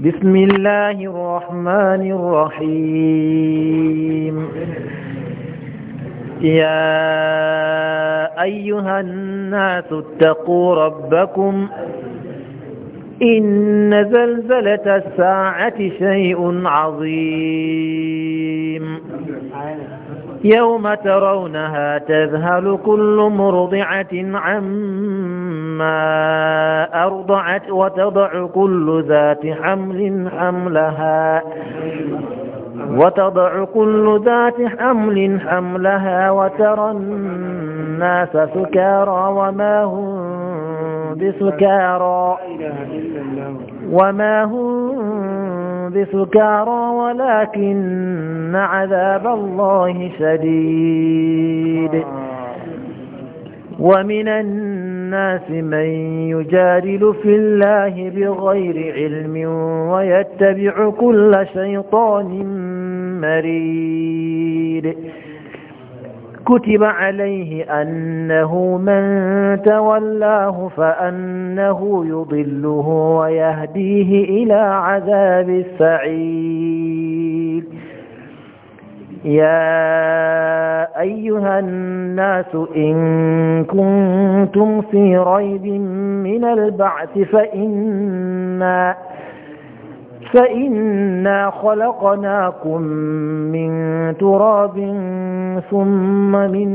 بسم الله الرحمن الرحيم يا أيها الناس اتقوا ربكم إن زلزلة الساعة شيء عظيم يوم ترونها تذهل كل مرضعة عما أرضعت وتضع كل ذات حمل حملها وتضع كل ذات حمل حملها وترى الناس سكارى وما هم بسكارى وما هم بسكارى ولكن عذاب الله شديد ومن الناس من يجادل في الله بغير علم ويتبع كل شيطان مريد كتب عليه أنه من تولاه فأنه يضله ويهديه إلى عذاب السعير يا أيها الناس إن كنتم في ريب من البعث فإنا فإنا خلقناكم من تراب ثم من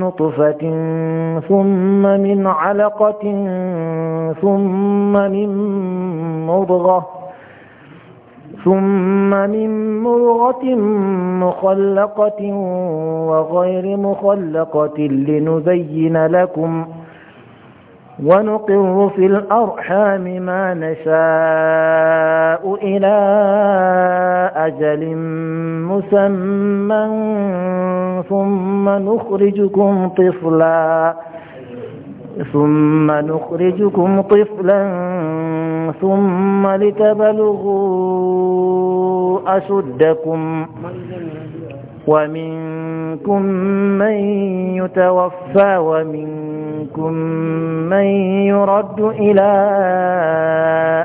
نطفة ثم من علقة ثم من مضغة ثم من مرغة مخلقة وغير مخلقة لنبين لكم ۖ ونقر في الأرحام ما نشاء إلى أجل مسمى ثم نخرجكم طفلا ثم نخرجكم طفلا ثم لتبلغوا أشدكم ومنكم من يتوفى ومنكم من يرد إلى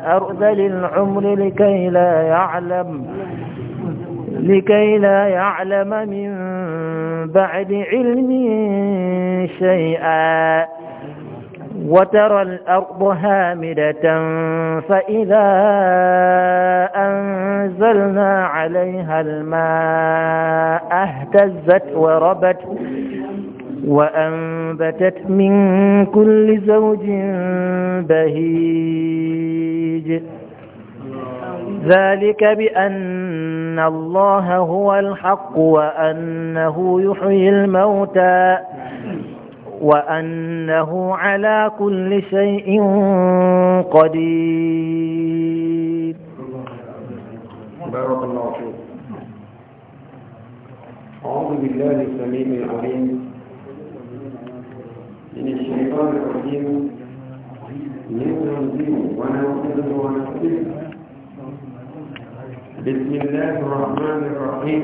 أرذل العمر لكي لا يعلم لكي لا يعلم من بعد علم شيئا وترى الأرض هامدة فإذا أنزلنا عليها الماء اهتزت وربت وأنبتت من كل زوج بهيج ذلك بأن الله هو الحق وأنه يحيي الموتى وأنه على كل شيء قدير بارك الله فيك أعوذ بالله السميع العليم من الشيطان الرجيم من تنزيل ونفسه بسم الله الرحمن الرحيم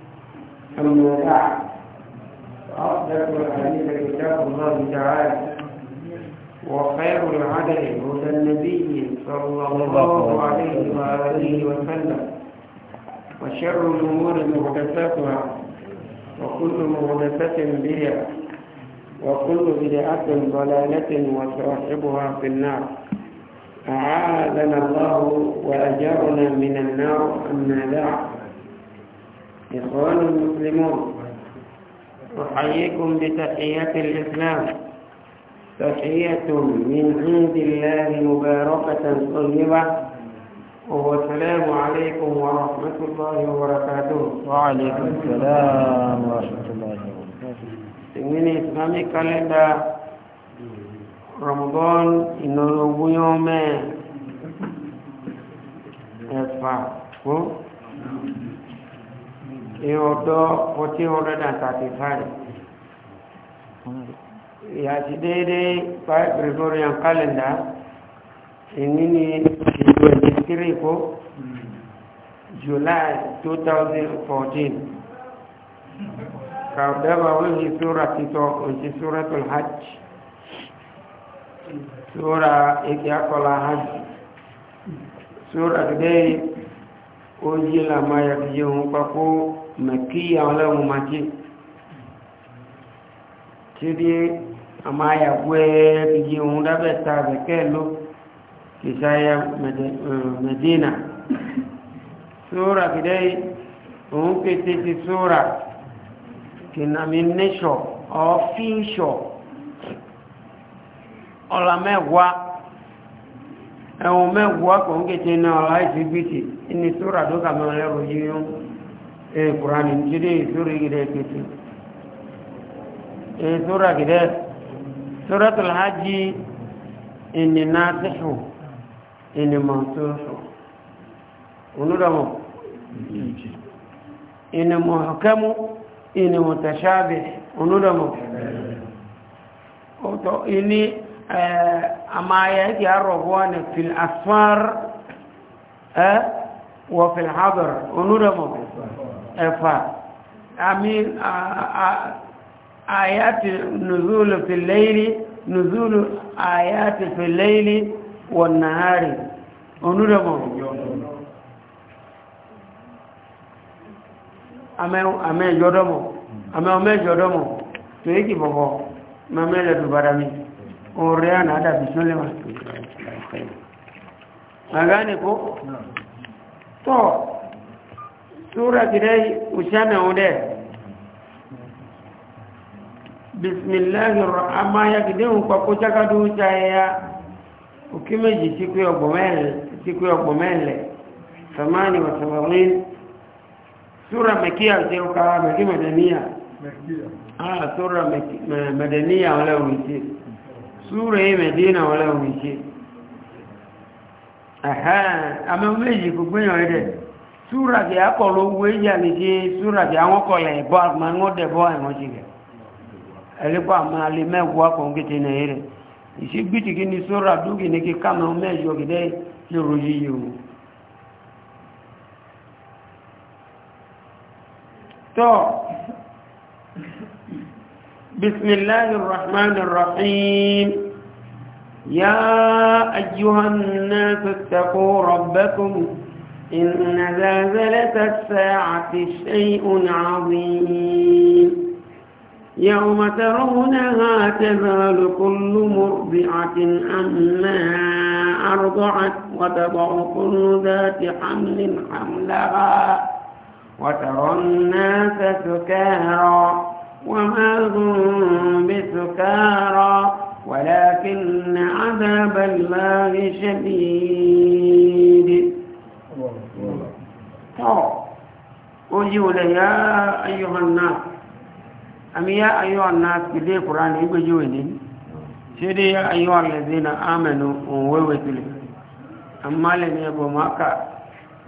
أما بعد فأصدق الحديث كتاب الله تعالى وخير العدل هدى النبي صلى الله عليه وآله وسلم وشر الأمور محدثاتها وكل محدثة بدعة وكل بدعة ضلالة وصاحبها في النار أعاذنا الله وأجرنا من النار أما بعد إخوان المسلمون أحييكم بتحية الإسلام تحية من عند الله مباركة طيبة والسلام عليكم ورحمة الله وبركاته وعليكم السلام ورحمة الله وبركاته من إسلام كالندا رمضان إنه يوم أسفع ìyẹn ọ̀dọ́ fourteen hundred and thirty five ìyàtí déédéé five gregorian calendar èyí ni twenty three kó july two thousand fourteen kàwdàbà wíwí sóra títọ́ òjì sóra tó hajj sóra èkì akọ́lá hajj sóra déédéé ó yí làmáyà fi yé òun pa makiya ọlọ́run maki tí dí a máa yàgbó ẹgbẹ̀gbẹ̀ ohun dábẹ̀ta bẹ̀kẹ́ ló kìsáyà medina sóra kìdẹ́ ohun pété ti sóra kìnnàmínẹ́ṣọ̀ ọ̀fíṣọ̀ ọ̀làmẹ́wàá ẹ̀wọ̀n mẹ́wàá kò ń kéte náà láìsí gbèsè ní sóra tó kà mọ́ lẹ́rọ yíyún e kurani jide suri gide kiti e sura gide suratul hajji inni nasihu inni mansuhu unudamo inni muhkamu inni mutashabih unudamo oto inni amaya yake arrobuwa ne fil asfar eh, wa fil hadar unudamo ẹ̀fà àmì àyàtì nùzúlù fìlẹ́ìlì nùzúlù àyàtì fìlẹ́ìlì wọ̀n nàárì onúrẹ̀mọ̀ àmẹ́jọ́dọ́mọ̀ àmẹ́jọ́dọ́mọ̀ tó yíkì bọ̀bọ̀ mẹ́mẹ́lẹ̀ tó bára mi orí àná àdàbì tó lè wà tó magánìkó tọ́ sura kidai ushame ude bismillahir rahman ya kidai kwa kuchaka du chaya ukimeji siku ya bomele siku ya bomele thamani wa thamanini sura mekia zeuka mekia madania mekia ah sura mekia madania wala uishi sura hii medina wala uishi aha ama meji kukunywa sura ke akọlọ wu eya ni ke sura ke àwọn kọlẹ bọ àmà ŋọ dẹ bọ àwọn ti kẹ ẹlẹ bọ àmà alẹ mẹ wọ akọ nkete nà yẹrẹ ìṣe gbìtì kí ni sura dúkì ni ke kàmà mẹ yọ kí dẹ yọrọ yíyí o. tọ bisimilahi rahman rahim ya ayyuhan nasu taqu rabbakum. إن زلزلة الساعة شيء عظيم يوم ترونها تذهل كل مرضعة أما أرضعت وتضع كل ذات حمل حملها وترى الناس سكارى وما هم بسكارى ولكن عذاب الله شديد to o ole ya ayyuhan ami ya ayyuhan kide igbe jiwe ni ya ayyuhan na amanu wewe tuli amma le ne bo maka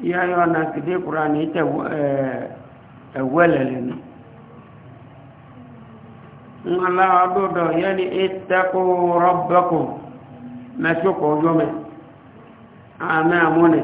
ya ayyuhan kide qur'an ita eh ni ngala adodo yani ittaqu rabbakum masuko jome ame amone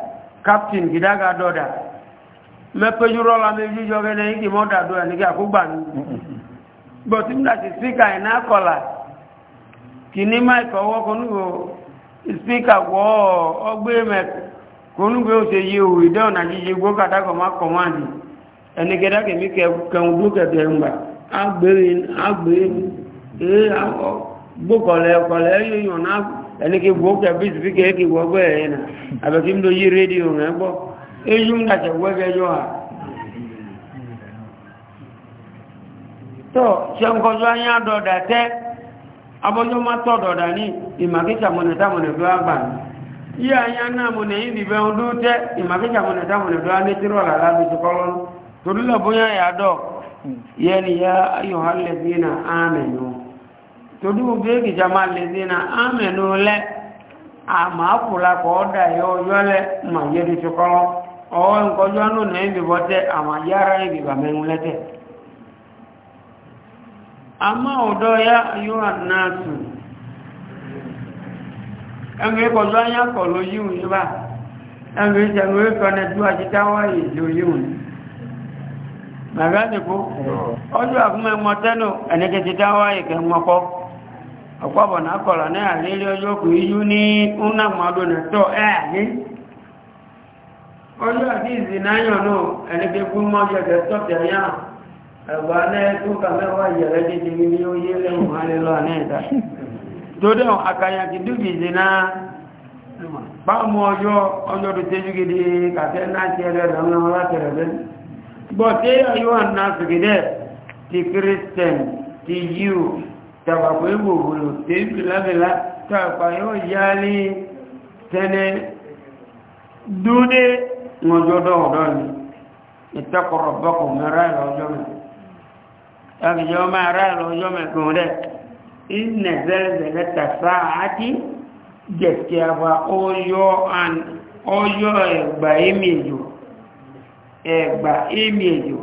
captain gidaga dọ́dà mẹ́pẹ́júrọ́ la méjì jọ gẹ́nẹ́ ní kìí mọ́dà dọ́dà ní kí àkúgbà ní bọ̀tí ní àti spíkà iná kọlà kì ní máìkì ọwọ́ konúgbò spíkà wọ́ ọgbẹ́ mẹ́ konúgbò ó ṣe yí òwú ìdẹ́wọ̀n àti yí gbó kàtàkọ̀ má kọ̀ wá ní ẹni gẹ́dàgẹ̀ mi kẹun dún kẹ̀kẹ́ ń gbà agbèrè agbèrè eh, gbókọ̀lẹ̀ ọkọ̀lẹ̀ yíyan náà ẹni kí gbọ́ kẹbí sí kẹ́ kí gbọ́ gbẹ́ ẹ̀yìn náà àbẹ̀kí ló yí rédíò rẹ̀ gbọ́ eyú ń dàjẹ̀ wẹ́gẹ́jọ́ à tó ṣe ń kọjú ayá dọ̀dà tẹ́ abọ́jọ́ má tọ̀ dọ̀dà ní ìmàkíkà mọ̀nẹ̀ támọ̀nẹ̀ bí wá gbà ní yí ayá náà mọ̀nẹ̀ yìí bìbẹ̀ ọdún tẹ́ ìmàkíkà mọ̀nẹ̀ támọ̀nẹ̀ bí torí gbogbo èkìjà máa lè dínà ámẹ̀nú lẹ́ àmà ápùlà kọ́ ọ́dà yọ ọjọ́ lẹ́ mà yẹ́rì kọ́ ọwọ́ nkọjọ́ nù ní ìbìbọ́ tẹ́ ìbìbà mẹ́rin àmà ọ̀dọ́ yá yóò náà tù ẹgbẹ́ kọjọ́ ayá kọ̀ ló yíwù yí bá ẹgbẹ́ ìṣẹ̀gbẹ́ kọ́nẹ̀ tó àjíkáwá ìjò yíwù ní ọ̀pọ̀bọ̀ náà kọ̀rọ̀ náà lérí ọjọ́ kù yíyú ní nnàmọ́dún náà tọ́ ẹ̀ ní ọjọ́ àti ìzìnáyàn náà ẹnìkẹ́ fún mọ́jẹ̀kẹ́ tọ́tẹ̀ yá ẹ̀gbà náà tó kà mẹ́wàá ìyẹ̀rẹ́ dídí ní ó yé lẹ́wọ̀n wá lé lọ náà ìta tó dẹ̀ àkàyàn ti dúkì ìzìná báwọn ọjọ́ ọjọ́ tó tẹ́jú gidi kàtẹ́ náà ti ẹlẹ́ rẹ̀ ọmọ láti ti kírísítẹ̀n tàbàkù ìgbògbòrò tèébì lábẹ̀lá tàbàkù yóò yálé tẹ́lẹ̀ dúdé mọ̀jọ́dọ̀ ọ̀dọ́ ni ìtàkọ̀rọ̀ bọ́kọ̀ mẹ́rà ìlọ́jọ́ mẹ́ ẹgbẹ̀jọ́ mẹ́rà ìlọ́jọ́ mẹ́ kò rẹ̀ ìnẹ̀ zẹ́lẹ̀zẹ̀lẹ̀ tàṣà àti jẹ̀kẹ̀ àbá ọyọ́ ẹgbà ìmìjò ẹgbà ìmìjò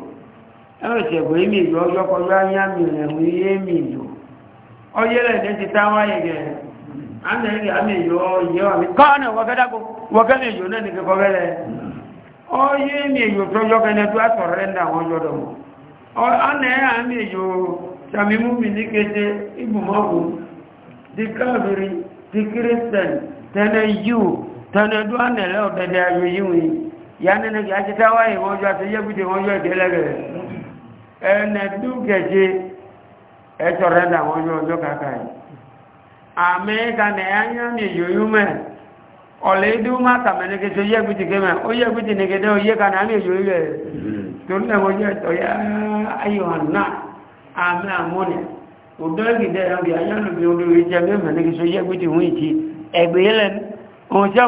ẹgbẹ̀jọ́ ìmìjò ọjọ́ kọjá yá mìíràn ọyẹ́rẹ̀ ẹ̀dẹ́ ti táwọn ayẹ̀gẹ̀ àmì àmì èyò ọyẹ́ ọ̀mí kọ́ọ̀nà wọ́fẹ́dàkó wọ́fẹ́lẹ̀ èyò náà nìkẹ́ kọ́fẹ́lẹ̀ ọyẹ́ mi èyò tó yọ́kẹ́nẹ́ tó àtọ̀rẹ́ ń dà wọ́n yọ́dọ̀ mọ́ ọ̀nà àmì èyò sàmìmú mi ní kété ibùmọ́kù ti káàbìrì ti kírísítẹ̀n tẹ́lẹ̀ yíò tẹ́lẹ̀ dún ànẹ̀lẹ́ ọ̀dẹ̀dẹ̀ ayò yíwìn yà nínú kí á ẹ̀tọ́ rẹ̀ dàwọn ọjọ́ ọjọ́ kàkà yìí àmẹ́ríkà nẹ̀yà ní yòyú mẹ́ ọ̀lẹ́ ìdú máta mẹ́lẹ́gẹ́sọ yẹ́ gbìtì gẹ́mẹ́ ó yẹ́ gbìtì nìgẹ́dẹ́ ó yẹ́ ka náà ní yòyú rẹ̀ tó ní ẹ̀wọ̀n yẹ́ ẹ̀tọ́ yá ayọ̀ àná àmẹ́ àmúnẹ̀ òdọ́gìdẹ́ ẹ̀rọ̀gì ayánubí olórí jẹ́ mẹ́lẹ́gẹ́sọ yẹ́ gbìtì hún ìtì ẹ̀gbẹ́ yẹ́lẹ̀ ọjọ́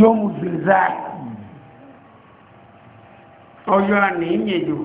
yóò mú zìlzáì ọjọ́ àná ìyẹ̀dùn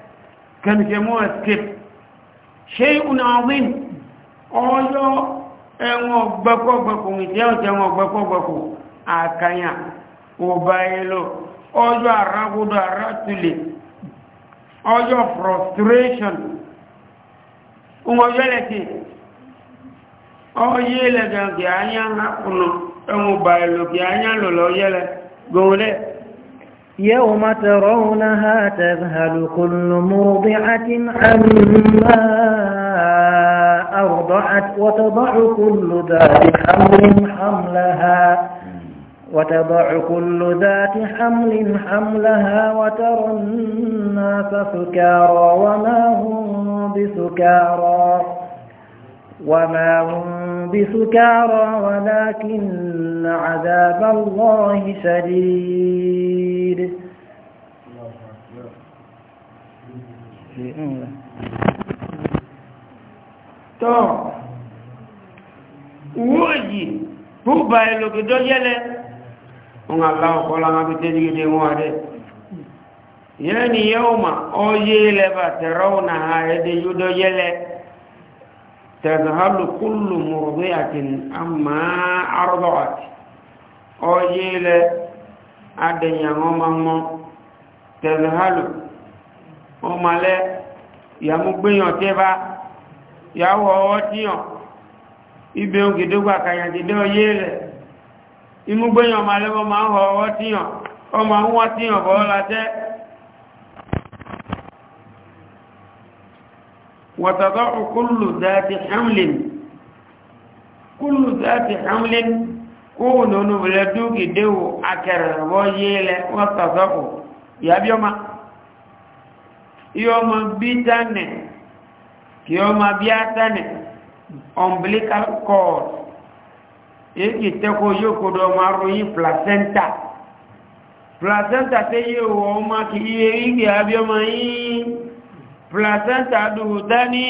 can get more escape shay'un azim ọjọ́ ẹ̀wọ̀n a ìdí o ẹ̀wọ̀n gbẹ́kọ̀gbẹ́kù àkànyà ọba ẹlò ọjọ́ àrágúdọ̀ àrátulè ọjọ́ frustration ọjọ́ lẹ́tì ọjọ́ ilẹ̀ gẹ̀ẹ́gẹ̀ ányá ńlá kùnà ẹ̀wọ̀n ọba ẹlò gẹ̀ẹ́ ányá lọ́lọ́ yẹ́lẹ̀ يوم ترونها تذهل كل مرضعة عما أرضعت وتضع كل ذات حمل حملها وتضع كل ذات حمل حملها وترى الناس سكارى وما هم بسكارى وما هم بسكارى ولكن عذاب الله شديد tọ́ owó èyí tó bá ẹlògidọ́ yẹ́lẹ̀ wọn aláwọ̀ kọ́lá wọn bí tẹ́jú ilé wọn rẹ̀ yẹ́ ni yẹ́ ọmọ ọyẹ́ ilẹ̀ bàtẹ̀rọ̀ náà ẹ̀dẹ̀ yóò dọ́ yẹ́lẹ̀ تذهل كل مرضعة أما أرضعت أجيل أدن يوم تذهل أما لا يمبن يتبع yàwọ̀ ọwọ́ tíyàn ibi ògìdógbà kàyàndìdé ọyé rẹ̀ imúgbéyàn ma lẹ́wọ́ ma ń họ ọwọ́ tíyàn ọmọ وتضع كل ذات حمل كل ذات حمل كون نبلدوك دو أكر ويل وتضع يا بيوما يوم بيتان يوم بيتان umbilical cord ìtẹ́kọ̀ yóò kò dọ̀ máa ròyìn placenta placenta tẹ́ yíò wọ́n máa kìí placenta duhutani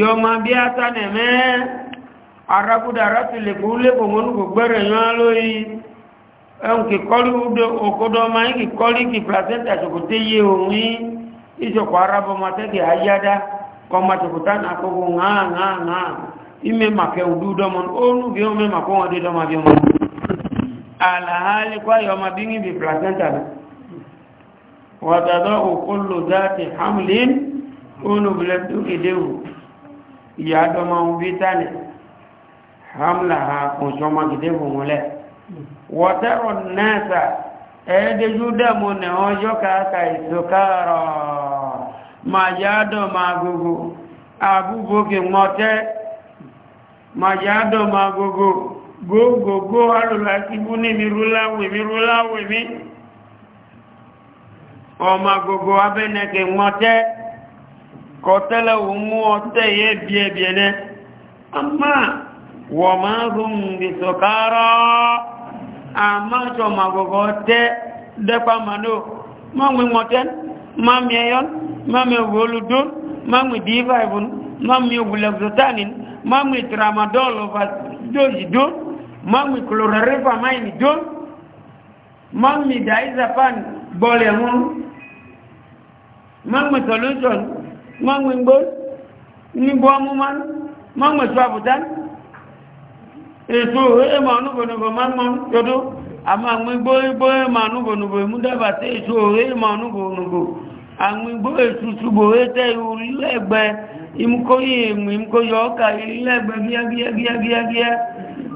yọma bí a sánẹ̀ mẹ́ arákúdára ti lè kú lẹ́kọ̀ọ́ mọ́nú kò gbẹ́rẹ̀ yán lórí ẹun kìkọ́lù òkúdọ́mà kìkọ́lù kì placenta ṣòkòtẹ́ yé òun yí ìṣọ̀kọ̀ arábọ́mà tẹ́kì ayádá kọmà ṣòkòtà náà kókó ńháńháńhá ime màkẹ́ òdúdọ́mọ́nú ó nù bí wọ́n mẹ́ màkọ́ wọn alahali kwa yọma bí ní bí placenta náà وتضع كل ذات حمل ونبلد إديه يادما بيتاني حملها وشما كده مولا وترى الناس ẹ̀ẹ́dẹ́ júdà mú ní ọjọ́ kàákà ìsòkàrọ̀ ma yádọ̀ ma gbogbo àbúgbòkè mọ́tẹ́ ma yádọ̀ ma gbogbo gbogbogbò alùlá ọmọ gbogbo abẹ́nẹ̀kẹ̀ mọ́tẹ́ kọtẹ́lẹ̀ òmú ọtẹ́ yẹ bíẹ̀bíẹ̀ nẹ́ àmá wọ̀ máa rùn ìsọ̀kárọ̀ àmájọ ma gbogbo tẹ́ dẹ́pà mọ́nà mọ́mí mọ́tẹ́ mọ́mí ẹyọ́n mọ́mí olùdó mọ́mí diva ìbùn mọ́mí ògùlẹ̀gbọ̀tánì mọ́mí tramadol bọ́ọ̀lẹ̀ mọ́mí mangwe solution mangwe ngbo ni bo amuman mangwe swabutan eso e ma nu bo no ma ma yodo ama ngwe gbo gbo e ma nu bo no bo mu da ba te eso e ma nu bo no bo angwe imko ye imko yo ka legbe bia bia bia bia bia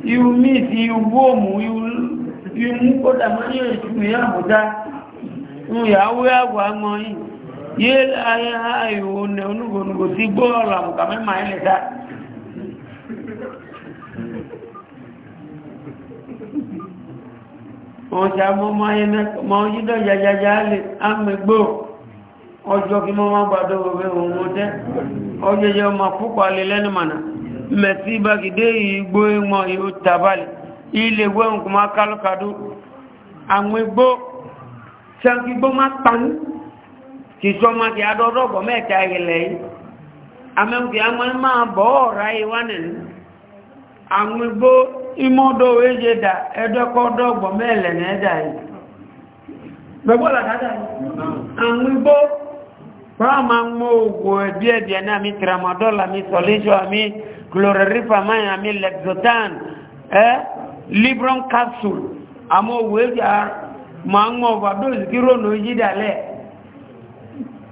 you miss you womu you you mu ko da ma ye su ya bo yéèlé ayé ayò ní onúgbònúgbò tí gbóòrò àmùkà mẹ́mà ilẹ̀ dá wọ́n tí a mọ́ mọ́ yídọ̀ jajaja lè ámẹ́gbò ọjọ́ kí mọ́ má gbàdọ̀ òwe òun tẹ́ ọjọ́ yẹ ọmọ púpọ̀ alẹ́ lẹ́nu mànà mẹ́sí bákidé ìgbó ìmọ̀ ìhò tàbálẹ̀ ilé gbóhùn kìjọ máa kìí adọ́dọ́ bọ̀ mẹ́ta ilẹ̀ yìí amẹ́kì a mọ́ máa bọ̀ ọ̀rá ìwánì àwọn igbó imọ́dọ̀ oéje dà ẹdọ́kọ́dọ́ bọ̀ mẹ́lẹ̀ nẹ́dà yìí gbẹ́gbọ́lá sátà yìí àwọn igbó fáwọn máa mọ́ òkú ẹ̀bí ẹ̀bí ẹ̀ná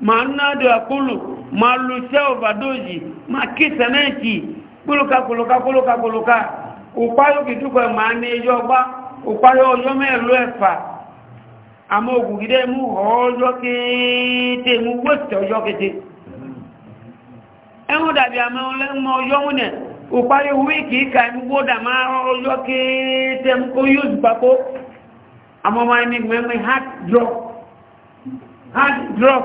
ma nado akpulu ma lusia ovadozi ma kisa neti kpuluka kpuluka kpuluka kpuluka ukpayo kitukwe ma na gba ukpayo ojo melu efa ama ogugide mu ojo kete mu west ojo kete ẹ̀wọ̀n dàbí àmà ọlẹ́mọ ọjọ́ múnẹ̀ òparí wíkì ìkà ìmúgbó dàmà ọjọ́ kéèté mú kó yóò gbàkó àmọ́ máa ní mmemme hard drop hard drop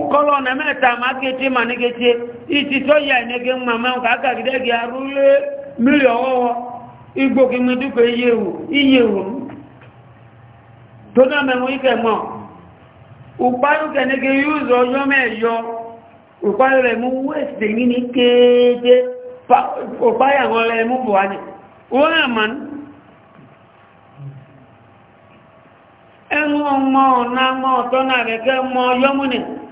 ukọlọ na emeta ma kete ma ne kete iti ya ne ke ma ma ka ka gidẹ gi arule mili ọwọwọ igbo ki mi dukọ iye wo iye wo tona mẹ mo ike mọ ukpayo kẹ ne ke yuzu ọjọ mẹ yọ rẹ ni keete ukpayo àwọn rẹ mu bọ ani wọn àmà mmụọ na mmụọ ọ̀nà ọmọ ọ̀tọ́ náà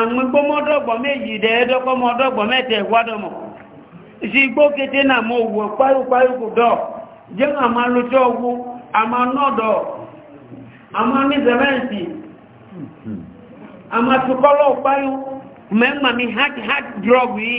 àmúgbómọ́dọ̀gbọ̀ méjì dẹ̀ẹ́dọ́gbọ́mọ́dọ̀gbọ̀ mẹ́tẹ̀ wádọ́mọ̀ sí igbó kété náà mọ́ òwò páyúpáyúkù dọ̀ jẹ́ àmà lójọ́ owó àmà nọ́dọ̀ àmà ní sẹ́mẹ́ǹtì àmà tukọ́lọ̀ páyú mẹ́mà mi hard hard yìí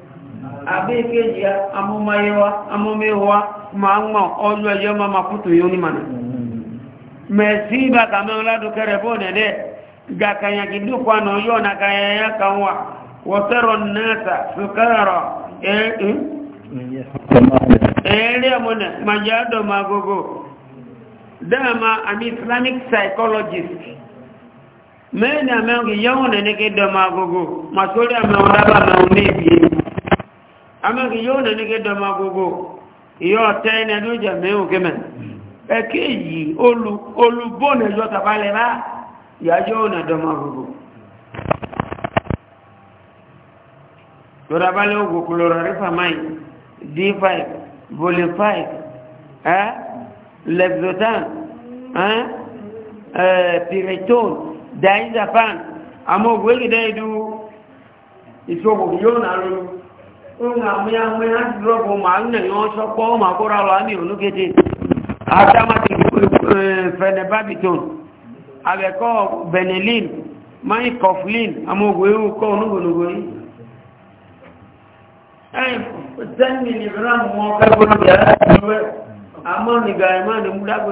abe keji ya amumayewa amumewa maangma ọjọ́ ẹjọ́ ma ma kútù yóò ní mana mẹ̀sí bá kàmẹ́ ọládùkẹrẹ bó nẹ̀dẹ́ gàkànyàkì dúkwà náà yóò na kàyàyà kan wà wọ́tẹ́rọ náà sùkẹ́rọ ẹ̀ẹ́rẹ́ mọ́nà majádọ̀ ma gogo dáàmà àmì islamic psychologist mẹ́rin àmẹ́ òkè yẹ́wọ̀n nẹ̀nẹ́kẹ́ dọ̀ ma gogo masórí àmẹ́ ọ̀dábà mẹ́ amẹ́kì yóò nà ní kéde ọmọ gbogbo ìyọ́ ọ̀tẹ́ ẹni ẹdún jẹ mẹ́hùn kémẹ̀ ẹ̀kẹ́ yìí olùbọ́nà ẹjọ́ tàbálẹ̀ bá ìyájọ́ ònà dọmọ gbogbo tọ́dábálẹ̀ ogun chlorarifamine d5 volley 5 ẹ́ lexotan ẹ́ pyritone diazepam àmọ́ ògbégidẹ́ ìdú ìṣòwò yóò nà lóyún ohun àmúyàmú ya dúrọ́bù ma ń nìyàn ṣọ́pọ̀ ọmọ àkórà lọ àmì olúkété àtàmàtì fẹ̀nẹ̀bábìtòn àbẹ̀kọ́ benelin mike coughlin amógo ewu kọ́ onúgbònúgbò yìí ẹ̀yìn 10 mg mọ́ kẹ́gbọ́n yàrá ìjọba àmọ́ nìgbà ìmáàdì mú dágbé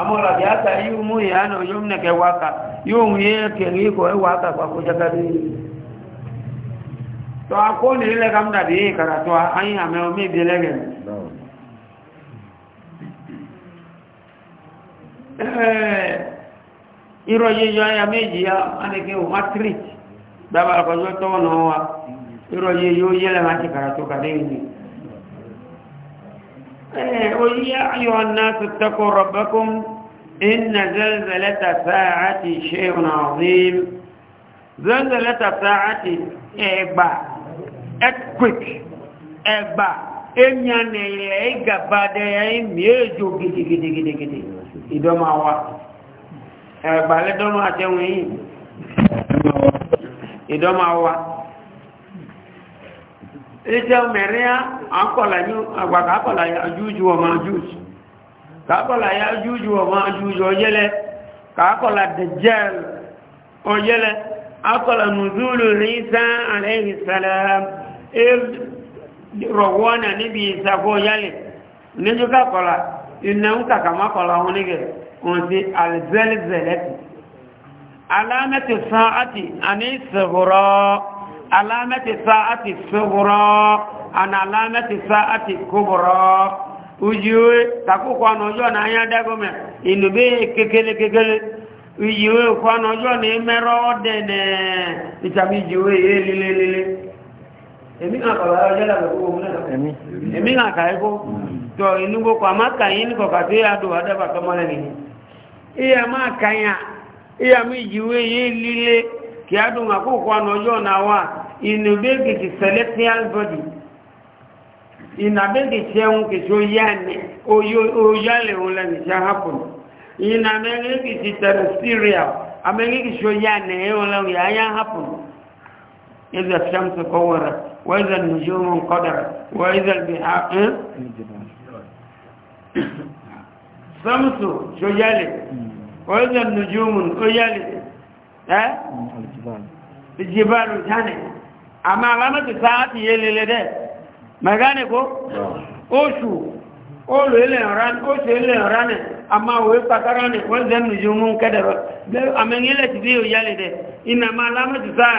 amọ́ra bí ata yóò mú ìyá náà yóò nẹ̀kẹ́ wákà yóò mú yé kẹ̀rí ikọ̀ ẹ̀ wákà pàkó jákàdé tọ́ akóni ilẹ̀ kàmdà bí i kàràtọ́ ayín àmẹ́ omi ìbí lẹ́gẹ̀ irọ́ ya anìkẹ́ o matrix dábàá kọjọ́ tọ́wọ́nà wa irọ́ yíyọ yẹ́lẹ̀ máa ti kàràtọ́ kàdé yìí قل يا أيها الناس اتقوا ربكم إن زلزلة ساعة شيء عظيم زلزلة ساعة إبا أكويك إبا إنيان إليك بعدين يجو جدي جدي جدي جدي إدوما وا إبا لدوما تنوين إدوما وا ìjẹ́ mẹ́rin àgbàkà àkọ̀lá ajújú ọmọ ajújú kàkọ̀lá ya ajújú ọmọ ajújú ọjẹ́lẹ̀ kàkọ̀lá dẹjẹ́l ọjẹ́lẹ̀ akọ̀lá nùzúlù rísán àrẹ́hìsàlám rọ̀wọ́nà níbi ìsàkó yálẹ̀ níjú kàkọ̀lá iná ń kàkàmákọ̀lá wọn nígẹ̀ wọn sí alzẹ́lzẹ̀lẹ́tì alámẹ́tì sán àti àní ìsẹ̀hùrọ̀ ala sa'ati sughra an alamati sa'ati kubra ujiwe takuko anojo na anya dagome inube kekele kekele ujiwe kwa anojo ni mero dene itabijiwe e, lele lele emi na kala ajala ko mo na emi emi na kai ko to inugo kwa maka yin ko ma lile kiadu ngakukwa nojo na wa inubegi ki celestial body inabegi cheun ki so yane oyale ule ni cha hapo inabegi ki terrestrial amegi ki so yane ule ya ya hapo إذا الشمس كورت وإذا النجوم انقدرت وإذا البحار الشمس شجالي وإذا النجوم أجالي ẹ́ jìbàlù jáde àmà alámẹ́tò sáàtì yé lélẹ̀ dẹ́ mẹ́gánì kó oṣù olù ilẹ̀ ọ̀ránì oṣù ilẹ̀ ọ̀ránì àmà òwe pàtàránì wọ́n zẹ́ nùjú mú kẹ́dẹ̀rọ àmẹ́ngílẹ̀ ti bí òyálẹ̀ dẹ́ ìnàmà alámẹ́tò sáàtì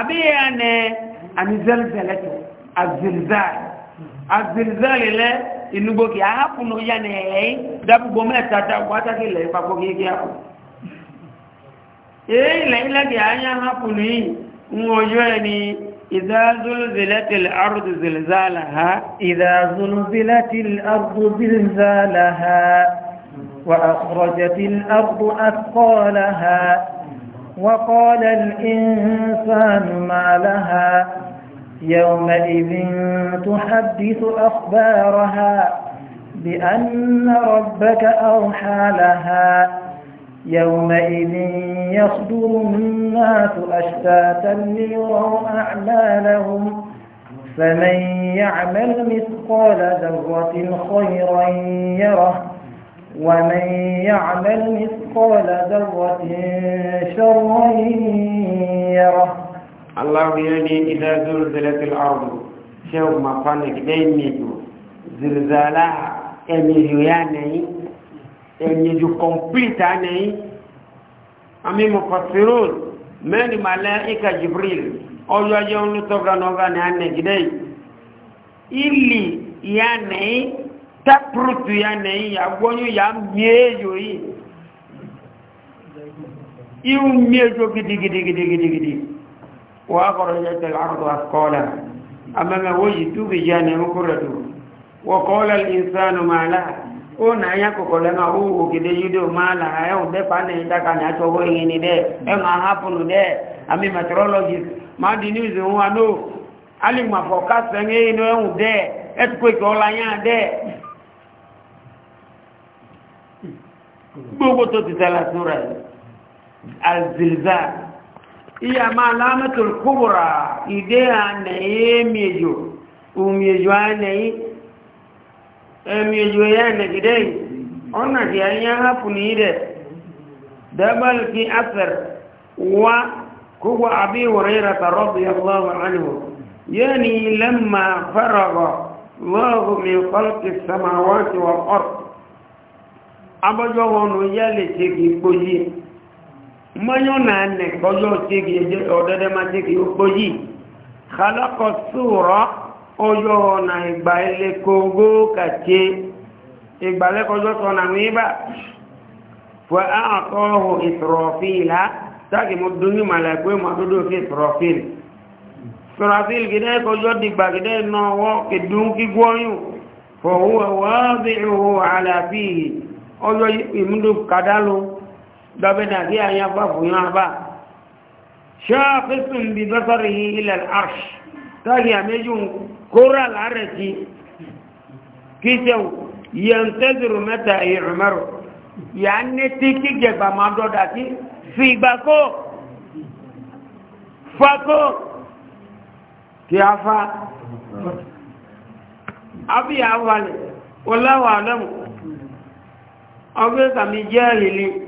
àbẹ́ àmì zẹ́lẹ̀zẹ̀lẹ̀ tó àzìrìzáì azilizali lɛ inugbo kì ahapu no ya ni ɛyɛ dabugbo mɛ tata wata kì lɛ ipa kpɔkì kì apu ee lɛ ilẹ kì anya hapu ni ŋɔyɔ yɛ ni idazulu zilati arudu zilizala ha. idazulu zilati arudu zilizala ha wa akurɔjati arudu akɔla ha wa kɔla insaanu maala ha. يومئذ تحدث أخبارها بأن ربك أوحى لها يومئذ يصدر الناس أشتاتا ليروا أعمالهم فمن يعمل مثقال ذرة خيرا يره ومن يعمل مثقال ذرة شرا يره الله يعني إذا زلزلت الأرض شو ما فانك دينيجو زلزالا أميرياني أميريو كومبليت أني أمي مفسرون من ملائكة جبريل أو يجون تغنوغا نعني كدي إلي يعني تبرت يعني يقول يا ميجو يو ميجو كدي كدي كدي كدي كدي وأخرجت الأرض أثقالها أما وجدت بجانب كرته وقال الإنسان ما لها ona ya kokole na uwu kide yudo mala ya ude pane ndaka na to go ngini de e ma happen de ami meteorologist ma di news won no ali ma forecast ngi no en earthquake ola ya de gbogbo to ti tala sura al zilzal iya ma alamatul kubra ide anaye miejo umiejo anaye emiejo yana gidai ona ti anya hapu ni ide dabal ki athar wa kuwa abi hurairah radiyallahu anhu yani lamma faraga الله من خلق السماوات والأرض أبجوه نجالي تكي بجي mọ́yọ́ náà nẹ̀ kọjọ́ tíkì ọ̀dọ́dẹ́ máa tíkì òpó yìí kàlọ́kọ̀ sóòrọ́ ọjọ́ ọ̀nà ìgbà ilẹ̀ kogó kàtí ìgbàlẹ́kọjọ́ sọ̀nà wíbà fún àkọ́hù ìsọ̀rọ̀fíìlá táàkì mọ́ dúnmí màlẹ̀gbé mọ́dúdú fi ìsọ̀rọ̀fíìl ìsọ̀rọ̀fíìl gidẹ́ kọjọ́ dìgbà gidẹ́ náwọ́ kìdún ọjọ́ ìmúdù kàdálù دابنا دي أن يفاف ينابا شافص ببصره إلى العرش تاجي أميجون كرة العرش كيسو ينتظر متى يعمر يعني تيكي جبا ما دوداتي في باكو فاكو كيافا أبي أولي والله أعلم أبي سامي جاهلي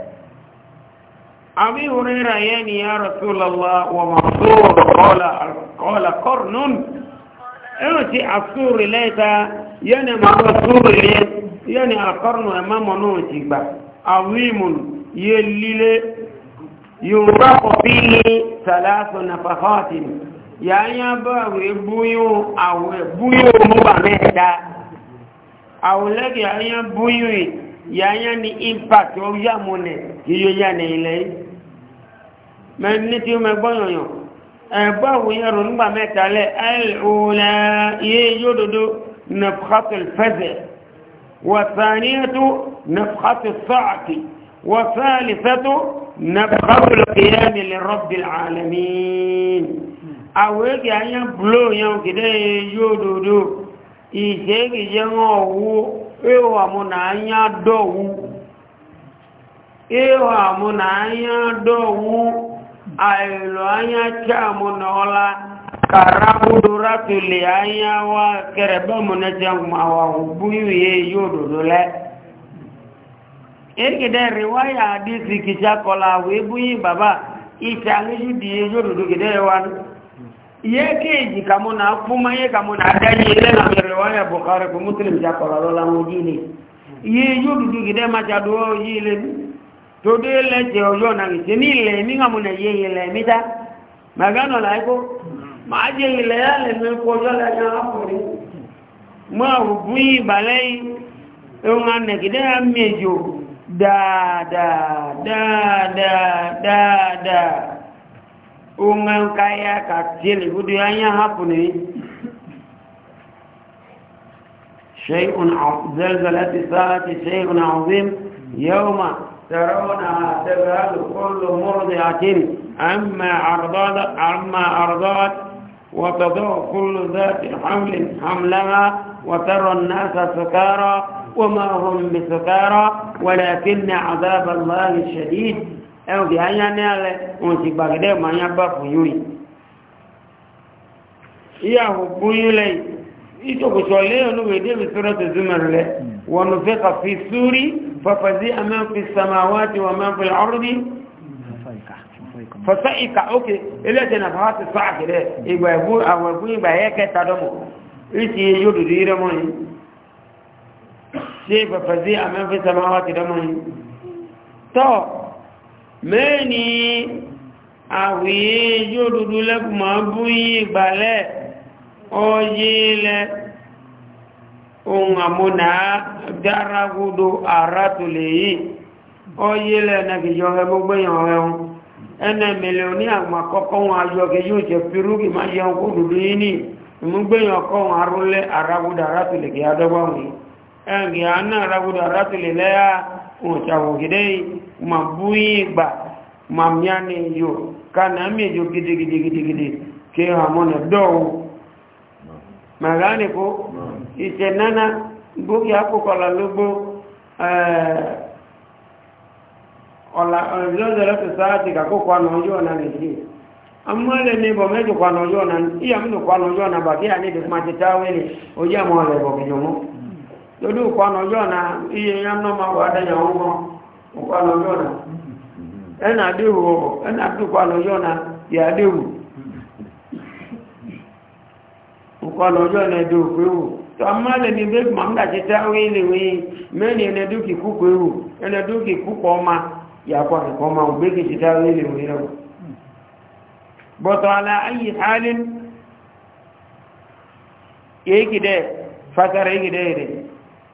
أبي هريرة يعني يا رسول الله ومنصور قال قال قرن أنت أصور ليتا يعني ما أصور ليت يعني القرن أمام نوتي با عظيم يليل ينفق فيه ثلاث نفخات يعني أبوي بويو أو بويو مبامتا أو لك يعني بويو yanya ni impact o ya mo ne yo ya ne ile me ni ti me gboyan yan e ba wo yan ro ngba meta le al ula ye yododo nafkhat al faza wa thaniyatu nafkhat al sa'ati wa thalithatu nafkhat al qiyam li rabb al alamin awe ga yan blow yan kide yododo ise ki je owo ịhụa mụ na anya dọwu ịhụa mụ na anya dọwu àìlò anya chamụ na ọla karabudorapili anya wa kẹrẹbẹmụ na jẹmụwa e bụ ihe yi òdòdó lẹ ekede riwaya adịsị kìchakọla wee ihe baba ìṣàlẹ́yìn di eyi òdòdó gẹ̀dẹ̀ wa nù yékèèjì kàmú na fúnmáyé kàmú na adáyé ilé na mẹ́rin wọ́n yẹ bukari kò mútìlìm já kọ̀rọ̀ lọ́la wọn jí ni yé yóò dúdú gidẹ́ má já dúró yí ilé mi tó dé lẹ́jẹ̀ ọjọ́ na ìṣe ni. ilẹ̀ mi kàmú na yé ilẹ̀ mi dá màgánà láì kó màá jẹ ilẹ̀ yá lẹ̀ mi kó ọjọ́ la yá ọkùnrin mú àwọn bú yí ìbàlẹ̀ yìí ẹ̀hún anẹ̀gidẹ́ yá méjò dáadáa dáadáa dáadáa. ungan kaya kakjil budianya hapuni شيء عظيم زلزلة الساعة شيء عظيم يوم ترونها تذهب كل مرضعة أما أرضات أما أرضات وتضع كل ذات حمل حملها وترى الناس سكارى وما هم بسكارى ولكن عذاب الله شديد ẹ̀rùn kì áyá ní alẹ́ wọn ti gbàgẹ́dẹ́ ma yá bá fún yóò yìí ìyàwó búyú lẹ́yìn ìtòkùsọ̀ léyìn olóògbé débi sọ́rọ̀ tó zúmọ̀ rẹ̀ wọn ló fẹ́ kà fi súrí fàfàzí amẹ́fi samáwáti wọn mẹ́fi ọrùdí fọ́sá ìkà ókè eléjẹ̀ náà fàá ti sọ́ àkìrẹ́ ìgbà ẹ̀bú àwọn ẹ̀bú ìgbà ẹ̀yẹ kẹta tọ́ mẹ́ni àwòyé yóò dúdú lẹ́kùn máa bú yí ìgbàlẹ̀ ọyé ilẹ̀ ohun àmúnà dáragudo ara tó lè yí ọyé ilẹ̀ nàkìjọ ọ̀rẹ́ gbogbo èèyàn ọ̀rẹ́ wọn ẹnà mẹ́lẹ̀ oní àgbà kọ́kọ́ wọn ajọ́ kẹ yóò jẹ pírúgì máa jẹun kó dúdú yí ní ìmúgbẹ̀yàn ọkọ̀ wọn arúlẹ̀ aragudo ara tó lè kí adọ́gbà wọn aragudo ara tó lè lẹ́yà wọn ṣàwògídẹ́ yìí yí ìgbà mamyane yo kana mi yo gidi gidi gidi gidi ke hamone do magane ko itenana ya ko kala lugo eh ola de la ka ko kwano yo na niji amale ni bo mejo kwano yo na iya mno kwano yo na ya ni de majitawe ni mo le bo do dodu mm. kwano yo na iye yamno ma da ya mo kwano yo na ẹnà àdéhù ẹnà ọ alọ́jọ́ na yà àdéhù nǹkan ọ na ẹ̀dẹ̀ òkú tó a máa lè ní bí mọ̀mọ́dà ti tẹ́ wí lè wí mẹ́rin ẹnẹ dúkì kúkú ewu ẹnẹ dúkì kúkú ọma yàkọ̀ nǹkan ọma ògbé kì ti tẹ́ wí lè wí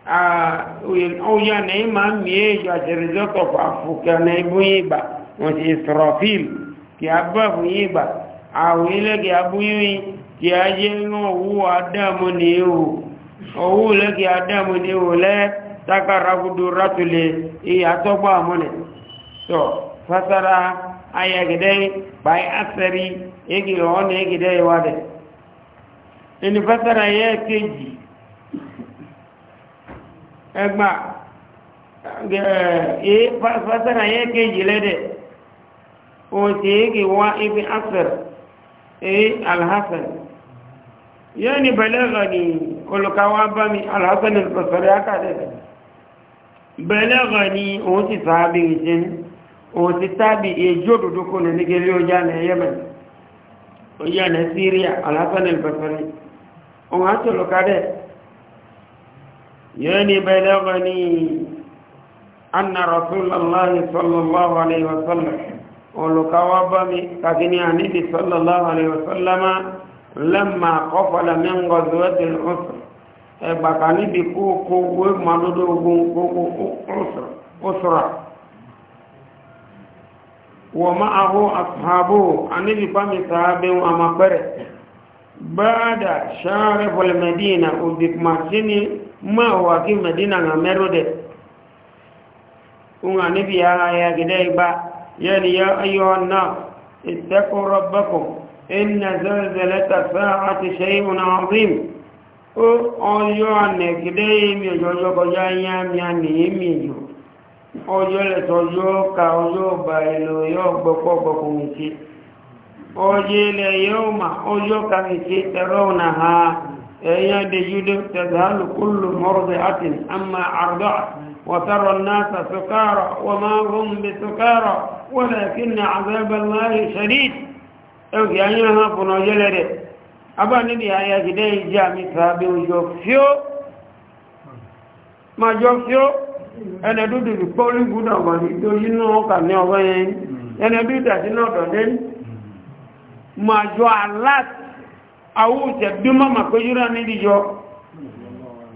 a na ima mie ọ wọ́n ti israfil kí a bá fún yí gbà àwọ̀ ilẹ̀ kí kí a yé náà owó ilẹ̀ ní ihò lẹ́ takara ìyàtọ́gbà fasara ayagidai by asari egi ọ̀nà egidai fasara yẹ ẹgbà وتيجي وائب أثر إيه الحسن يعني بلغني كل كوابني الحسن البصري هكذا بلغني أوتي صحابي جن أوتي تابي يجود دكون نجلي وجانا يمن وجانا سوريا الحسن البصري وهاتلو كده يعني بلغني أن رسول الله صلى الله عليه وسلم olùkawà bá mi kàkíní àníbi sallallahu alayhi wa sallama lẹ́mà kọfàlà mẹ́ngọ̀ zuwẹ́tì ọ̀sọ̀ ẹgbàkà níbi kókó wé màdúdó ogun kókó ọ̀sọ̀rà wọ́n máa hó àfàbò àníbi fámi sàábé wọn àmàpẹ́rẹ̀ báadà ṣáàrẹ̀ fọlẹ̀ mẹ́dínà òbí màṣíní máa wà kí mẹ́dínà àmẹ́rọ̀dẹ̀ ohun àníbi ara يعني يا أيها الناس اتقوا ربكم إن زلزلة الساعة شيء عظيم ọjọ́ ànẹ̀kìdẹ́ èmì ọjọ́ kọjá yámi àmì èmì ìjò ọjọ́ lẹ́tọ̀ọ́jọ́ ka ọjọ́ ọba ìlò yóò gbọ́pọ̀ gbọ́pọ̀ mìtí ọjọ́ ilẹ̀ yóò ma ọjọ́ ka mìtí tẹ̀rọ na ha ẹ̀yà dẹjúdẹ́ tẹ̀gbàlùkúlù mọ́rọ̀dẹ̀ àtìn وترى الناس سكارى وما هم بسكارى ولكن عذاب الله شديد ẹgbẹ̀ ayé hàn fún ọjọ́ lẹ́rẹ̀ abá níbi ayagidẹ́ ìjẹ́ àmì tàbí òjò fíó ma jọ fíó ẹnẹ dúdú ìpọ́ olúgbùdà wà ní ìdójú náà kà ní ọgbẹ́ yẹn ẹnẹ dúdú àti náà dọ̀dẹ́ ma jọ aláàtì àwọ̀ òṣèdúmọ́ màkójúrà nídìjọ́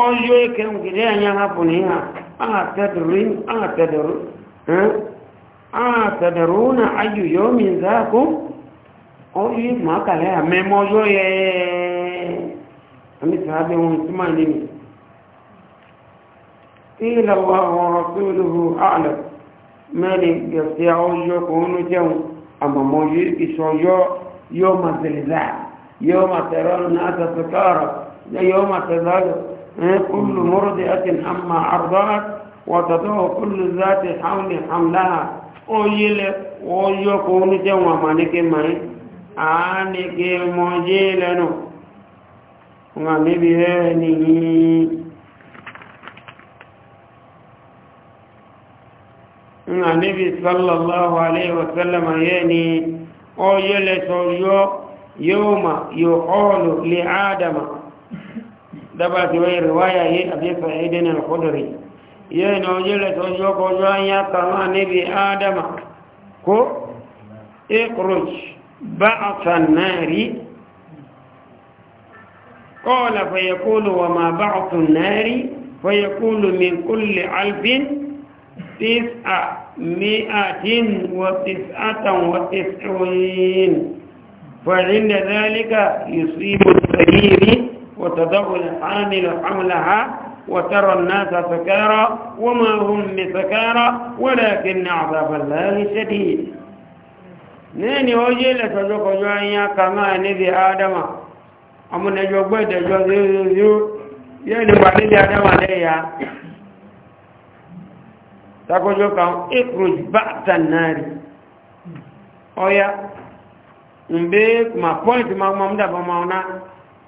ọjọ́ ike ngide anyị ahapụ na ihe ahatadaru na ayuyo minzaku ọjọ́ ma kàlẹ̀ àmẹ́mọ́ ọjọ́ yẹ àmì sàábẹ̀ wọn tí máa nínú ilẹ̀ wa ọ̀rọ̀ tó lóhù àlọ̀ mẹ́rin gẹ̀ẹ́sì ọjọ́ kò ń jẹun àmọ̀mọ́ ìṣọ́yọ́ yóò máa tẹ̀lẹ̀ yóò máa tẹ̀rọ náà tẹ̀sọ̀kọ́rọ̀ yóò máa tẹ̀lẹ̀ كل مرضعة أما أرضعت وتدعو كل ذات حول حملها oyele oyo ko ni je won ma ni ke mai a ni ke mo je lenu nga ni bi he ni nga ni bi sallallahu alaihi wasallam ye ni oyele so yo yoma yuqalu li adama ثبت في رواية أبي سعيد الخدري ين وجلت وجوك يا كما نبي آدم كو اخرج بعث النار قال فيقول وما بعث النار فيقول من كل ألف تسعة مئة وتسعة وتسعين فعند ذلك يصيب الكبير وتضول الحامل حملها وترى الناس سكارى وما هم بسكارى ولكن عذاب الله شديد نيني وجيل سجوك جوانيا كما نبي آدم أما نجوك بيت جوزيو يعني بعدين آدم عليها takojo kan ikruj ba'ta nari oya mbe ma ما ma mamda ba mauna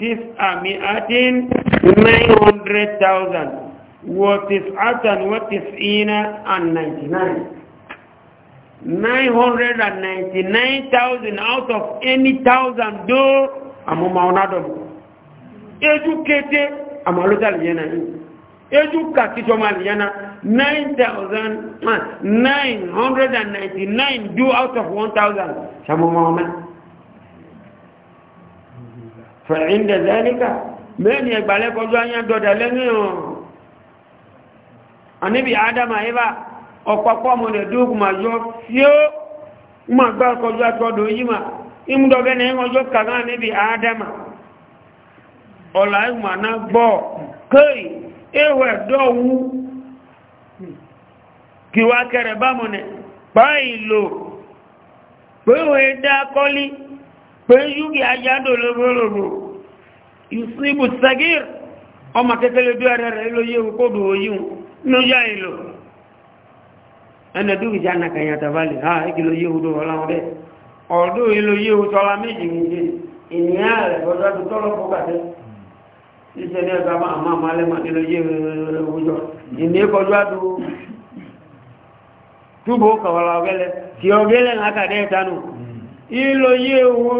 تسع مئات نين هندرد تاوزن وتسعة وتسعين and ninety nine 999,000 out of any thousand do Amu ma ọ̀nà dọ̀bù ejú kété àmọ́ alóta lè 9,999 do out of 1,000 Shamu ma fẹ̀yìn dẹ̀dẹ̀ níkà mẹ́ni ẹgbàlẹ́ kọjú ayá dọ̀dà lẹ́yìn ọ̀rọ̀ àníbi adama ibá ọ̀pọ̀pọ̀ mọ̀ lè dúkù ma yọ fíó ma gbá kọjú àtọ́dọ̀ yí ma imúdọ̀gẹ́ ní ọjọ́ kàrá níbi adama ọ̀là ìmọ̀ náà gbọ́ kéè ewẹ̀ dọ́wú kí wá kẹrẹ bá pé yúgi ajádò lóbólòbò ìsìnbù sagir ọmọ kékeré bí ara rẹ̀ ló yíò kódò oyún ló yá ìlò ẹnà dúkì já nà ha ikì ló yíò dó ọlá ọdẹ ọdọ ìlò yíò tọ́lá méjì méjì ìníyà rẹ̀ bọ́dọ́ tó tọ́lọ́ fọ́kàtẹ́ ìṣẹ̀lẹ̀ ẹ̀ka máa máa máa lẹ́mọ̀ ìlò yíò ọjọ́ ìní kọjú àdó túbò kọ̀wọ́lá Ilo ịlụ onye wu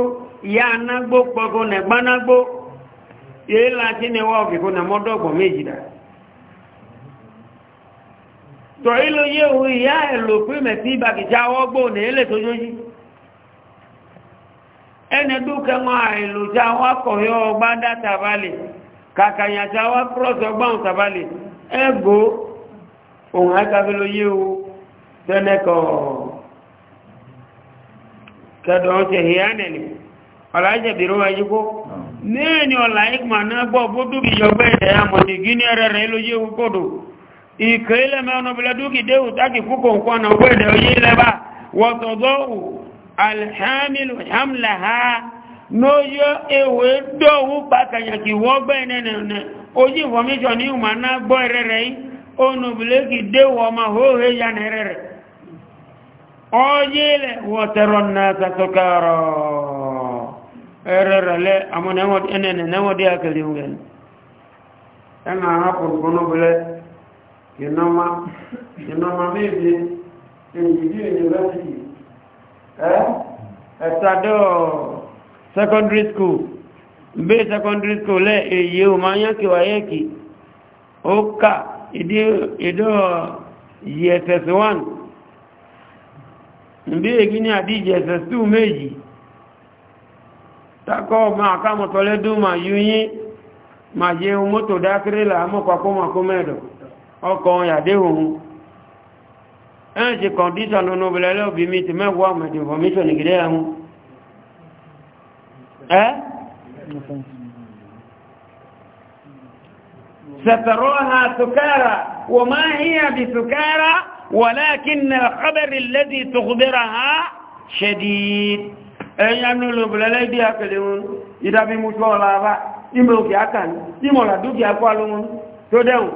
yanagbo kpogo na banagbo lai nawe ogigo na mmọdụ ọgbamjira tọ ilo onye ewu ya elupmeta ịba gijawa gbo na eletai eneduka waha elujaakọhị gba databali ka ka nyị atawa kụrog gbanwe kabali ego ilo onye ewu tenek kẹdọ̀ ọ̀tẹ̀ hìyànẹ̀ ni ọ̀làjẹ̀ bìrọ̀ wáyé kó mẹ́ẹ̀ni hmm. ọ̀là ìgbà náà gbọ́ bó dúbì yọgbẹ́ ẹ̀ àmọ̀dì gíní ẹ̀rẹ̀ rẹ̀ ló yé kódò ìkẹ́ ilẹ̀ mẹ́ọ̀nà bìlẹ̀ dúkì déhù tákì kúkò nǹkan ọ̀gbẹ́ ẹ̀dẹ̀ oyé lẹ́bà wọ́tọ̀dọ́wù alhamilu hamlaha n'oyó ewé dọ́wù pàkànyàkì wọ́gbẹ́ ẹ̀nẹ́nẹ́ ojú information ní ìmọ̀ náà gbọ́ ẹ̀rẹ̀ rẹ̀ yìí ó nùbìlẹ̀ kì ojile woteronna sa sukaro erere le amo nemo enene nemo dia kelungen ena na ko bono bele yinoma yinoma mebi en gidi en university eh etado secondary school be secondary school le e yeu manya ki wa yeki oka idi idi yetes one mbile gini adiji ss2 meji takọ ma aka mọtọlẹ dùn ma yunyin ma jẹun mọtò dákéré là mọkàkọmọkọ mẹdọ ya yàdé òun e ẹn ti kọndíṣọ̀nù nobelẹ lọ́bí mi ti mẹ́wàá mẹ́tì information gidẹ́ ẹ̀hún ẹ́ sẹ̀tẹ̀rọ̀ ha sùkára ولكن الخبر الذي تخبرها شديد ẹ̀yàn ló bẹ̀rẹ̀ bí àkẹlẹ̀ wọn ìdábí mú tọ́ láàbá ìmọ̀ òkè àkàn ìmọ̀ làdúkìá kọ́ lóhun tó dẹ̀wọ̀n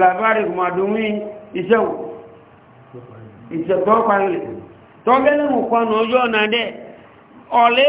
làbárí kùmàdùnmí iṣẹ́wọ̀n ìṣẹ̀tọ́ parílẹ̀ tọ́gẹ́lẹ̀ mú pọnà ọjọ́ náà dẹ̀ ọ̀lẹ́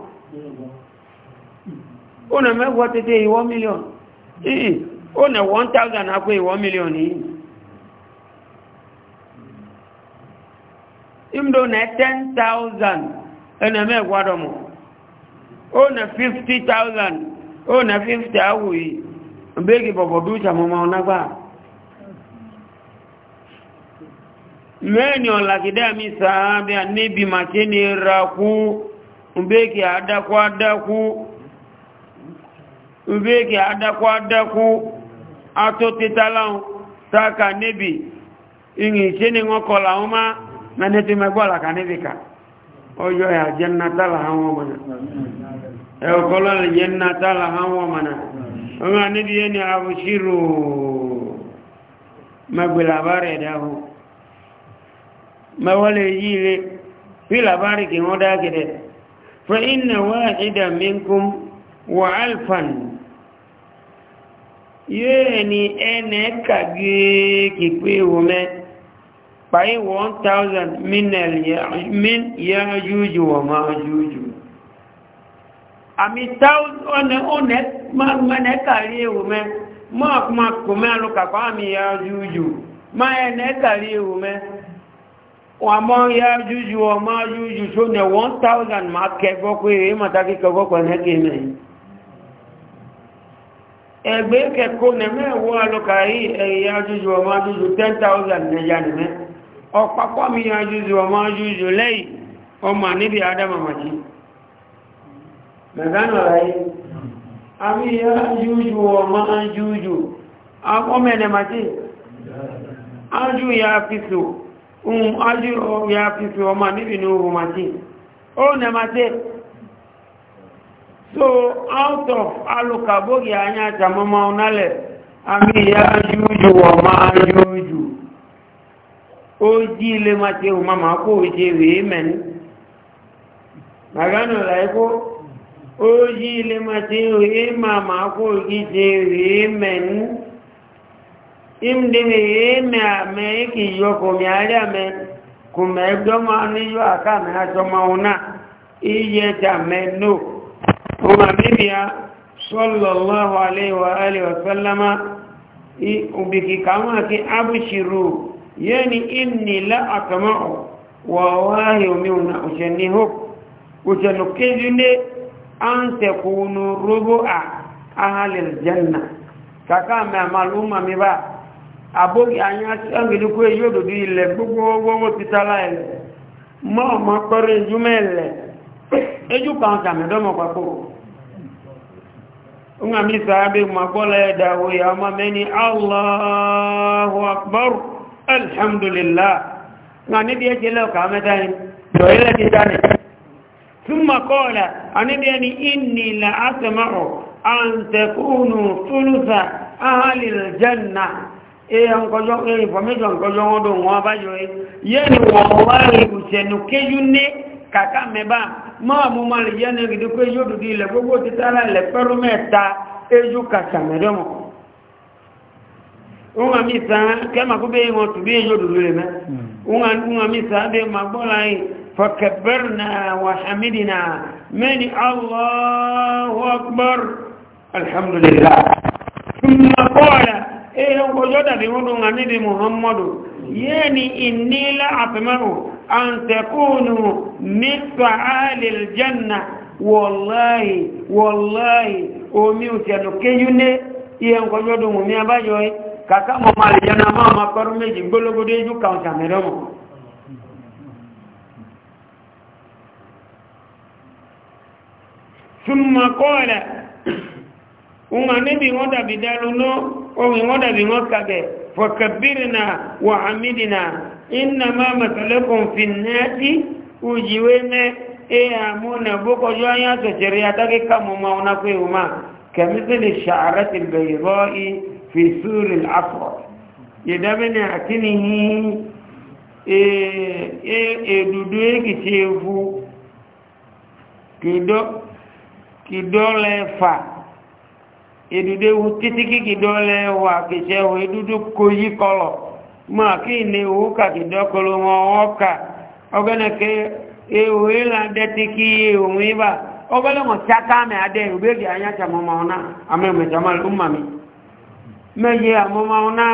ó nà mẹ́wọ́ tètè ìwọ mílíọ̀nù ìyí ó nà 1000 àpò ìwọ mílíọ̀nù yìí ìmdó nà 10,000 ẹnà mẹ́wọ́ dọ̀mọ̀ ó nà 50,000 ó nà 50 àwò yìí bẹ́ẹ̀gì bọ̀bọ̀ dúkà mọ́mọ́ ọ̀nàgbà mẹ́ni ọ̀làkìdá mi sàábẹ́ níbi màkí ni rakú bẹ́ẹ̀kì àdákú àdákú ubeke adakwu adakwu atụtịtala taka nebi ihe ise ni wọn kọla wọn máa na ní tí mẹgbọ́la ka nebi ka ọjọ́ ya jẹ́ nnátàlá àwọn mana náà e ẹ̀kọ́lọ́ lè jẹ́ nnátàlá àwọn mana náà wọn nebi yẹn ni abushiru mẹgbẹ̀lá bá rẹ̀ dáhùn mẹwọlé yí ilé fi làbárì kí wọ́n dá gẹ̀dẹ̀ fẹ́ inna wáhídà minkum wa alfan yóò ní ẹnẹ kàgé kìpé wọmẹ́ pàí 1000 minel yẹ jújù wọ máa jújù àmì ọ̀nà mẹ́nẹ kàrí ewùmẹ́ máa kúmà kòmẹ́ alùkàkọ́ àmì yẹ jújù máa ẹnẹ kàrí ewùmẹ́ wọ́n mọ́ yẹ jújù wọ máa jújù tó nẹ 1000 máa kẹgbọ́ pé èyí mọ̀tàkì kẹgbọ́ pẹ̀lẹ́kẹ́ mẹ́rin ẹgbẹ́ kẹ́kọ́ nẹ̀mẹ́ ẹ̀wọ́ alọ́kà yìí ẹ̀yà ajújù ọmọ ajújù 10,000 nẹ̀yà nẹ̀mẹ́ ọ̀pápá mi ajújù ọmọ ajújù lẹ́yìn ọmọ níbi adamamaji mẹ̀gánà rẹ̀ àmì ajújù ọmọ ajújù ọmọdémàtí ya fífò ohun ajú ya fífò ọmọ níbi ní ohun màtí ó nẹ̀màtí so out of alụkaboghị anya aja mmanwụ n'alị amị ya juju ọma juju oji ile mata ewu mama akwụ oji wee men magana ụlọ ikwu oji ile mata ewu ịma ma akwụ oji je wee men imde wee me ame ike yọ kọmịarịa me kụmegdọma n'iyo aka me achọmanwụ na iye ta me no kuma bibia ala alaihi wa alihi wa sallama ubiki kama ki abshiru yani inni la akma'u wa wahi minna ushanihu ushanukizune an takunu rubu'a ahli aljanna kaka ma maluma mi ba abogi anya angeli ko yodo bi le gbogbo kan ngami sahabi magola ya dawo ya mameni allahu akbar alhamdulillah ngani biya jelo kamata hin do ila kitani thumma qala anibiani inni la asma'u an takunu thulutha ahli aljanna e ankojo e information ankojo odo won abajo e yeni wallahi kusenukeyune kaka meba máa mú máa lè yẹ́nà gidi pé yóò dùdú ilẹ̀ gbogbo ti tára ilẹ̀ pẹ́rú mẹ́ta ejú kàtà mẹ́rẹ́mọ̀ òun àmì ìsàn kẹ́mà kó bẹ́ẹ̀ wọn tùbí yóò dùdú rẹ̀ mẹ́ òun àmì ìsàn bẹ́ẹ̀ máa gbọ́ ẹ̀rọ ọjọ́ dàbí wọ́n tó ń rán nídi muhammadu yẹ́ ni iní ilá àfẹ́mẹ́rù àǹtẹ̀kùnù mítà àìlèjẹ́nà wọ́láàì wọ́láàì omi òtẹ̀lùkéyúnlé ìyẹn ọjọ́ dùn mú ní abájọ́ ثم قال uma nibi ngoda bidaluno omi ngoda bingokage fakabirna wa amidina innama masalakum fi nnati ujiwene e amuna boko joya to sheria take kama mwaona kweuma kamithili sha'arati albaydai fi suri alafra yadabna atinihi e e edudu ekichevu edudewu títí kíkìdọ́ lẹ wa kìṣẹ́ wọ edudu koyi kọlọ mọ ka ni owó kàkìdọ́ kọlọ wọn ọkà ke ewu mo dẹ́tí kí òun ibà ọgẹ́lẹ́ mọ̀ tíátá mẹ́ adé ìgbégi anyáta ma ọ̀nà amẹ́mẹ́ta mọ́ mi mẹ́yẹ àmọ́mọ́ ọ̀nà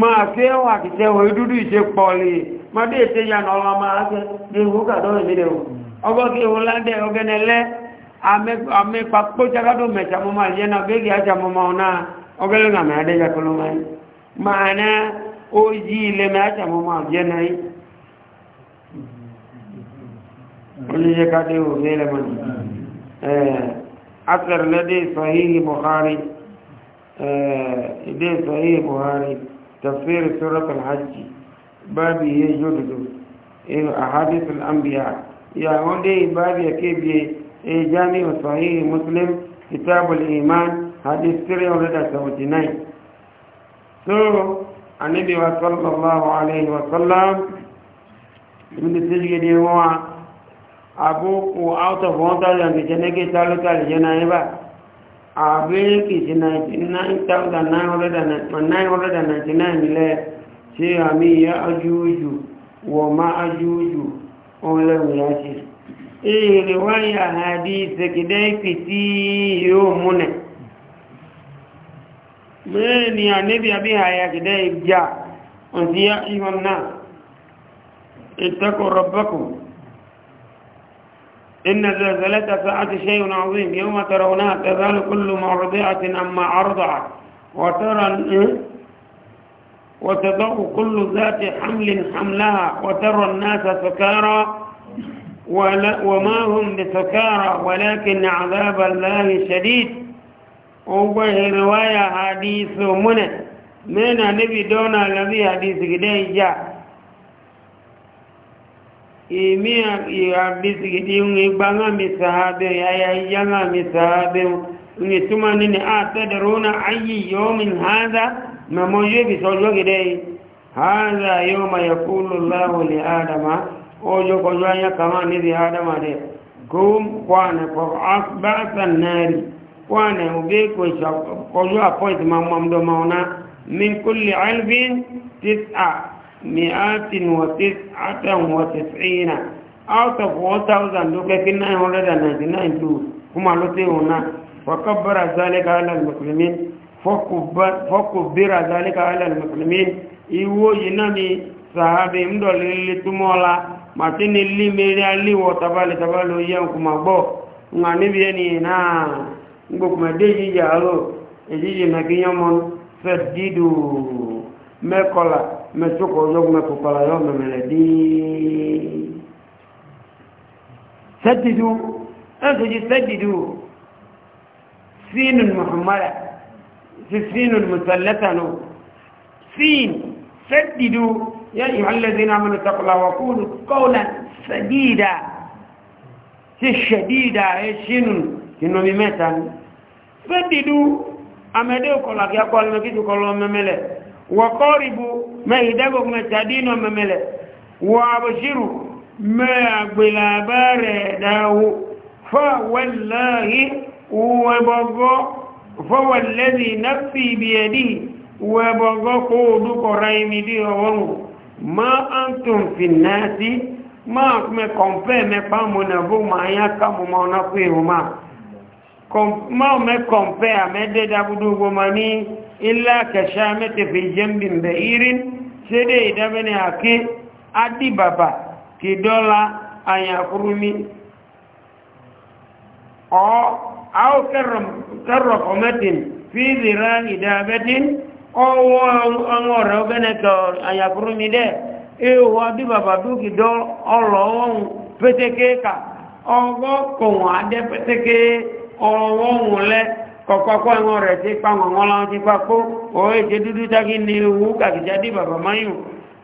máa fi wa kìṣẹ́ wọ edudu ìṣe pọ̀lì mọ́dé ìṣe yànnà amekpakpo tsakado mɛ tsamɔmɔ aliana bege atsamɔmɔ na ɔgɛlɛ na mɛ aɖe dza kolo mɛ maana ozi le mɛ atsamɔmɔ aliana yi onyedze kade o ne hmm. eh, le mɛ ɛɛ asɛr lɛ de sahihi buhari ɛɛ eh, de sahihi buhari tafsir surat alhajj baabi ye jododo eh, ahadith alambiya yaa wɔn de baabi ya جامع صحيح مسلم كتاب الإيمان حديث 379 so النبي صلى الله عليه وسلم من السجد هو أبوك وأوت فونتا لأن جنك تالك الجنائبة أبيك جنائب تاوتا ناين ولدا نتنين لك شيء أمي يا أجوج وما أجوج أولو ياسر إيه رواية حديث كده كتير منه من يا نبي أبيها يا كده إبجاع أنت يا أيها الناس اتقوا ربكم إن زلزلة ساعة شيء عظيم يوم ترونها تزال كل مرضعة أما أرضعت وترى إيه؟ وتضع كل ذات حمل حملها وترى الناس سكارى وما هم بسكارى ولكن عذاب الله شديد وهي رواية حديث منه من النبي دون الذي حديث كده جاء إمي حديث كده يبغى مسحابه يا يجمع مسحابه نسمع نني أتدرون أي يوم هذا ما موجود بسوله كده هذا يوم يقول الله لآدم ojo ko joanya kama ni di adama de gum kwane ko asbata nari kwane uge ko ko jo appoint mamma mdo maona min kulli albin tis'a mi'atin wa tis'atan wa tis'ina out of 1000 duke kin 999 kuma lote una wa zalika ala almuslimin fakubbira zalika ala almuslimin iwo yinami sahabi mdo lilitu matini li mere aliwo tabale tabale oye nkuma gbɔ nga níbi ẹni náà ngbokuma dé yíyà alo èyíyà mẹkìnyọmọ fẹ dídò mẹkọlà mẹsọkọ yọkùn mẹkọkọlà yọ mẹmẹlẹ díí sẹdìdò ẹnsojú sẹdìdò sínú muhammadu sí sínú musallatanu sín sẹdìdò. يا أيها الذين آمنوا اتقوا الله وقولوا قولا سديدا الشديدة شنو شنو ممتا فددوا أمدوا كلك يقول لك كل مملة وقاربوا ما يدبوا متدين مملة وأبشروا ما بلا بارده فوالله وبغى فوالذي نفسي بيده وبغى قودك ريمدي وغنو ma antum fi nasi ma me compare me pa mo na bo ma ya ka mo ma na ku e ma Kom, ma me compare me de da budu go mani illa kashamati fi jambin ba'irin sede da bane ake adi baba ki dola aya kurumi o au karram karra qamatin fi zira idabatin ọwọ́ àwọn ọ̀rẹ́ ọgbẹ́nẹ̀kẹ́ àyàfúrú mi dẹ́ ewu adé bàbá dúkì dọ́ ọ̀rọ̀ ọ̀hún pétékè kà ọgọ́ kòwọ̀n adé pétékè ọ̀hún lẹ́ kọ̀kọ́kọ́ ẹ̀wọ̀n rẹ̀ ti pa wọ̀n láwọn ti pa kó ọ̀rọ̀ èdè dúdú tákì ní ewu kàkìjà dé bàbá mayùn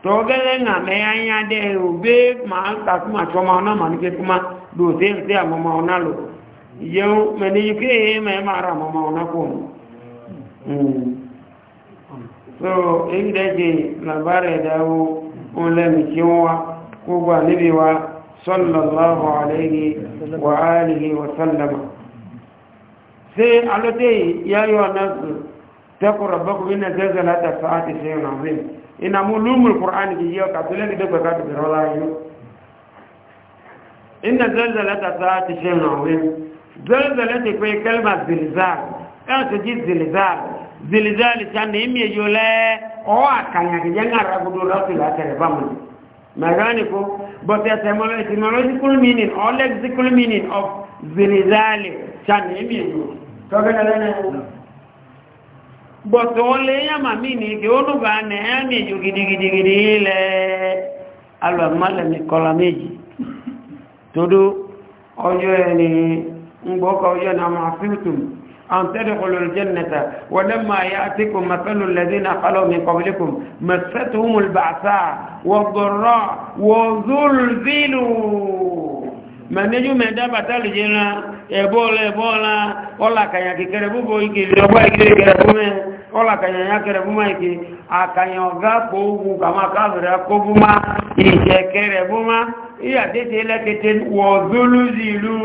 tọ́gẹ́lẹ́ ńàmẹ́ ayáde òbé máa ń kàkúmà tí ọmọ ọ̀nà màá ní kékúmá dòdé so inda ke labarai dawo ulami cewa ko ba nabewa sallallahu alaihi wa alihi wa sallama sai alatai ya yi wa nasu ta kurabbaku ina zazzala ta sa'ati sai na zai ina mulumul qur'ani ki yau katulani da baka da rawala yau inna zalzalata sa'ati shay'un 'azim zalzalati fi kalma zilzal ta ji zilzal zilizali sana imi yule o akanya kijanga ragudu rasi la tere bamu mechanical but etymology etymological meaning or lexical meaning of zilizali sana imi yule togena lene but ole ya mamini ke onu ba gidi gidi jugidigidigidi ile alwa mala ni kola meji ojo ni ngboko ojo na ma filtum أن تدخلوا الجنة ولما يأتكم مثل الذين خلوا من قبلكم مستهم البعثاء والضراء وزلزلوا من يجوم دابة الجنة ebola ebola ọla kanya kekere bụbụ ike ọgba ikere kere bume ọla kanya ya kere buma ike akanya ọga kpo ugwu ka ma kazụrụ buma ije kere buma ihe atete elekete wọzuluzilu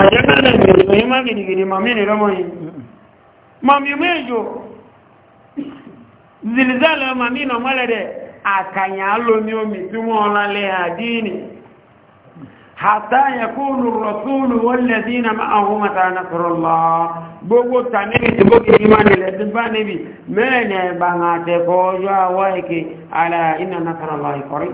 àjẹ́kẹ́lẹ̀ ìrìnlẹ̀ yí má gìdìgìdì màmí ìrìnlọ́mọ̀ yìí màmí méjò zìlìzàlẹ̀ màmí ìnà mọ́lẹ̀dẹ̀ àkànyà lómi omi tí wọ́n lálẹ́ àdínì hàtà yẹkúnù rọ̀túnù wọlé dínà máa hù mata na sọ̀rọ̀lá gbogbo ta níbi tí gbogbo ìmá nílẹ̀ tí bá níbi mẹ́rin ẹ̀bà àtẹ́kọ̀ọ́ yọ àwọ́ ìkè alá ìnà na sọ̀rọ̀lá ìkọ̀rí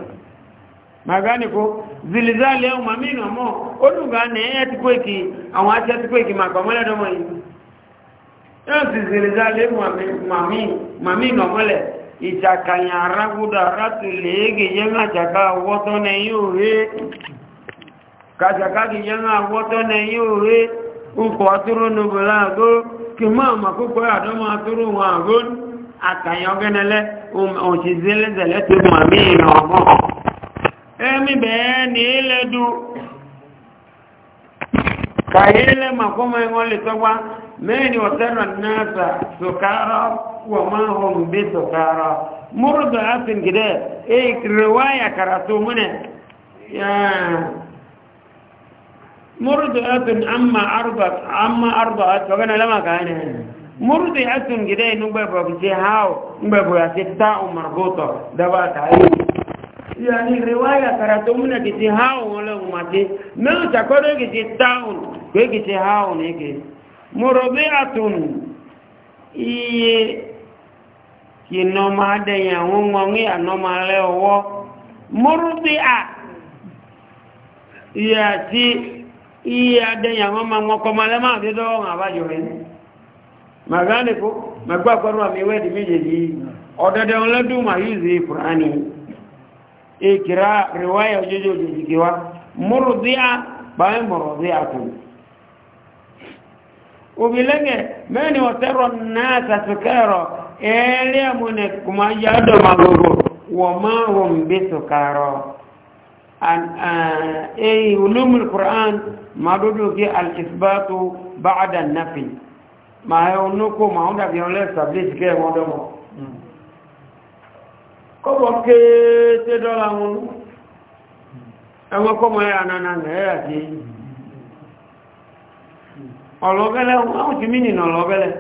magani ko zilizali au mamino mo olugane eh, ati kweki àwọn ati ati kweki makomole do moyi ezi zilizali mami mami mamino mole itakanya raguda ratulege yenga jaka woto ne yuhe kajaka gi yenga woto ne yuhe uko aturu nubulago kimama kuko adoma aturu wango akanyogenele um, um, um, um, um, um, um, um, um, ẹ̀mí bẹ̀ẹ́ ní ilẹ̀ dù kàyé ilẹ̀ màkọ́mọ́ ẹ̀wọ́n lè tọ́gbá mẹ́ni ọ̀tẹ́rọ̀ náà sọ̀kárọ̀ wọ̀ máa hùn bí sọ̀kárọ̀ múrùdọ̀ ápìn gidẹ̀ èkìrìwáyà karatu múnẹ̀ múrùdọ̀ ápìn àmà àrùbà tọ́gánà lọ́mà kàánẹ̀ múrùdọ̀ ápìn gidẹ̀ inú gbẹ̀bọ̀ yani riwaya karatumna kiti hao ole umati mel chakore kiti taun kwe kiti hao neke murobiatun iye kinoma ade ya ungongi anoma leo wo murobia iya ti iye ade ya mama ngoko malema dito ngabajo hene magane ko magwa kwa ruwa miwedi mijeji odede onledu mahizi kurani ikira riwaya ojojo ojojikiwa murudhia bae murudhiatun ubilenge meni watero nasa sukaro elia mune kumajado magogo wama hum bisukaro an ay eh, ulum alquran madudu ki alithbatu ba'da an-nafi ma yaunuko maunda violence tablis ke kọ́bọ̀ kéèté dọ́là wọn ẹwọ́n kọ́mọ̀ ẹ̀ ànànà ẹ̀yà tí ọ̀lọ́bẹ̀lẹ̀ wọ́n ti mínìnà ọ̀lọ́bẹ̀lẹ̀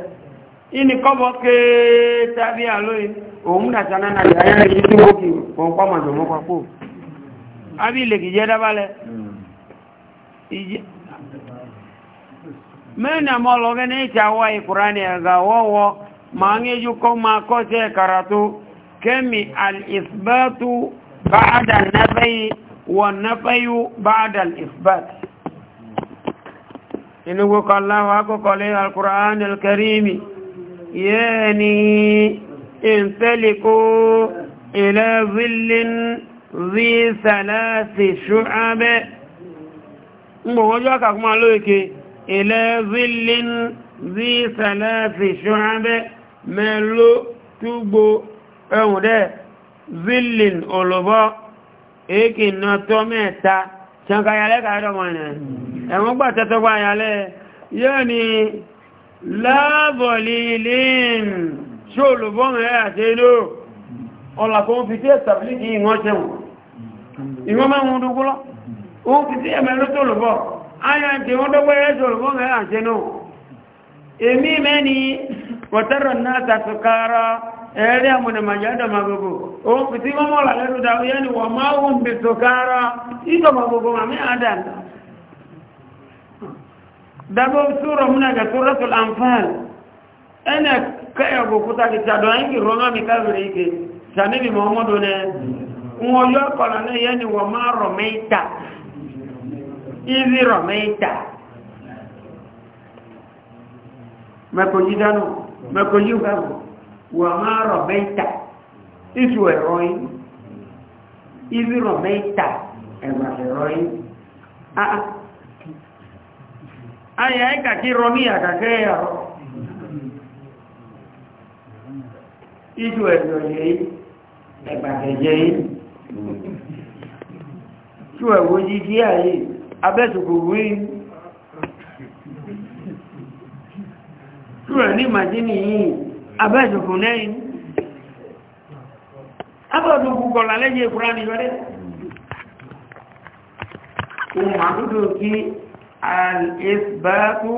ìní kọ́bọ̀ kéèté bí àlóyè òun dàtà nánà ìyáyá yìí tí ó kì wọ́n pàmà jọmọ́ papò àbí ilẹ̀ kìí jẹ́ dábálẹ̀ mẹ́rin ń yíjú kọ́ máa kọ́ sí ẹ̀kàrà tó كم الإثبات بعد النفي والنفي بعد الإثبات إنه قال الله أكبر القرآن الكريم يعني انسلكوا إلى ظل ذي ثلاث شعب مبوجوك أكما لويك إلى ظل ذي ثلاث شعب ملو تبو ẹ̀hùn dẹ́ zillin olùbọ́ èkì náà tó mẹ́ta ṣankayalẹ́ kàádọ́mọ̀ ẹ̀ ẹ̀wọ́n gbà tẹ́tọ́ gbà yalẹ́ yóò ní lábọ̀lìlín olùbọ́ mẹ́rẹ́ àti inú fi ẹ̀rẹ́ àmọ̀dẹ̀màjádọ̀màgbogbo òun fìtí mọ́mọ́ làlẹ́rù dáwúyẹ́ ni wọ́n máa wọ́n bè tó kára ìdọ̀màgbogbo àmì àdàdà dábọ́ sórọ̀ múnàgà tó rẹ́tùl àǹfààní ẹnẹ̀ kẹ́yọ̀gbò kúta kì tàdọ̀ ẹ́kì rọ́nàmì káàkiri ike sàníbi mọ́mọ́dọ̀ nẹ wọ́n yọ kọ̀lá náà yẹ́ ni wọ́n máa rọ̀ mẹ́ta ìzì rọ̀ mẹ́ta mẹ́kòjì dánù mẹ́kòjì gbàgbọ́ وما ربيت إذ وروين إذ ربيت ẹ̀wà ẹ̀rọ yìí ayà ẹ́kà kí rọ ní àkàkẹ́ ẹ̀rọ ìjò ẹ̀rọ yìí ẹ̀gbàgẹ̀jẹ̀ yìí tí ẹ̀wọ́ jí kí àyè abẹ́sùgbògbò yìí tí ẹ̀ ní màjí nìyí abẹ́jùkù lẹ́yìn abẹ́jùkù gọ̀lá lẹ́yìn ìkúrá ní yọ́dẹ́ ohun àdúgbò kí al'isbatu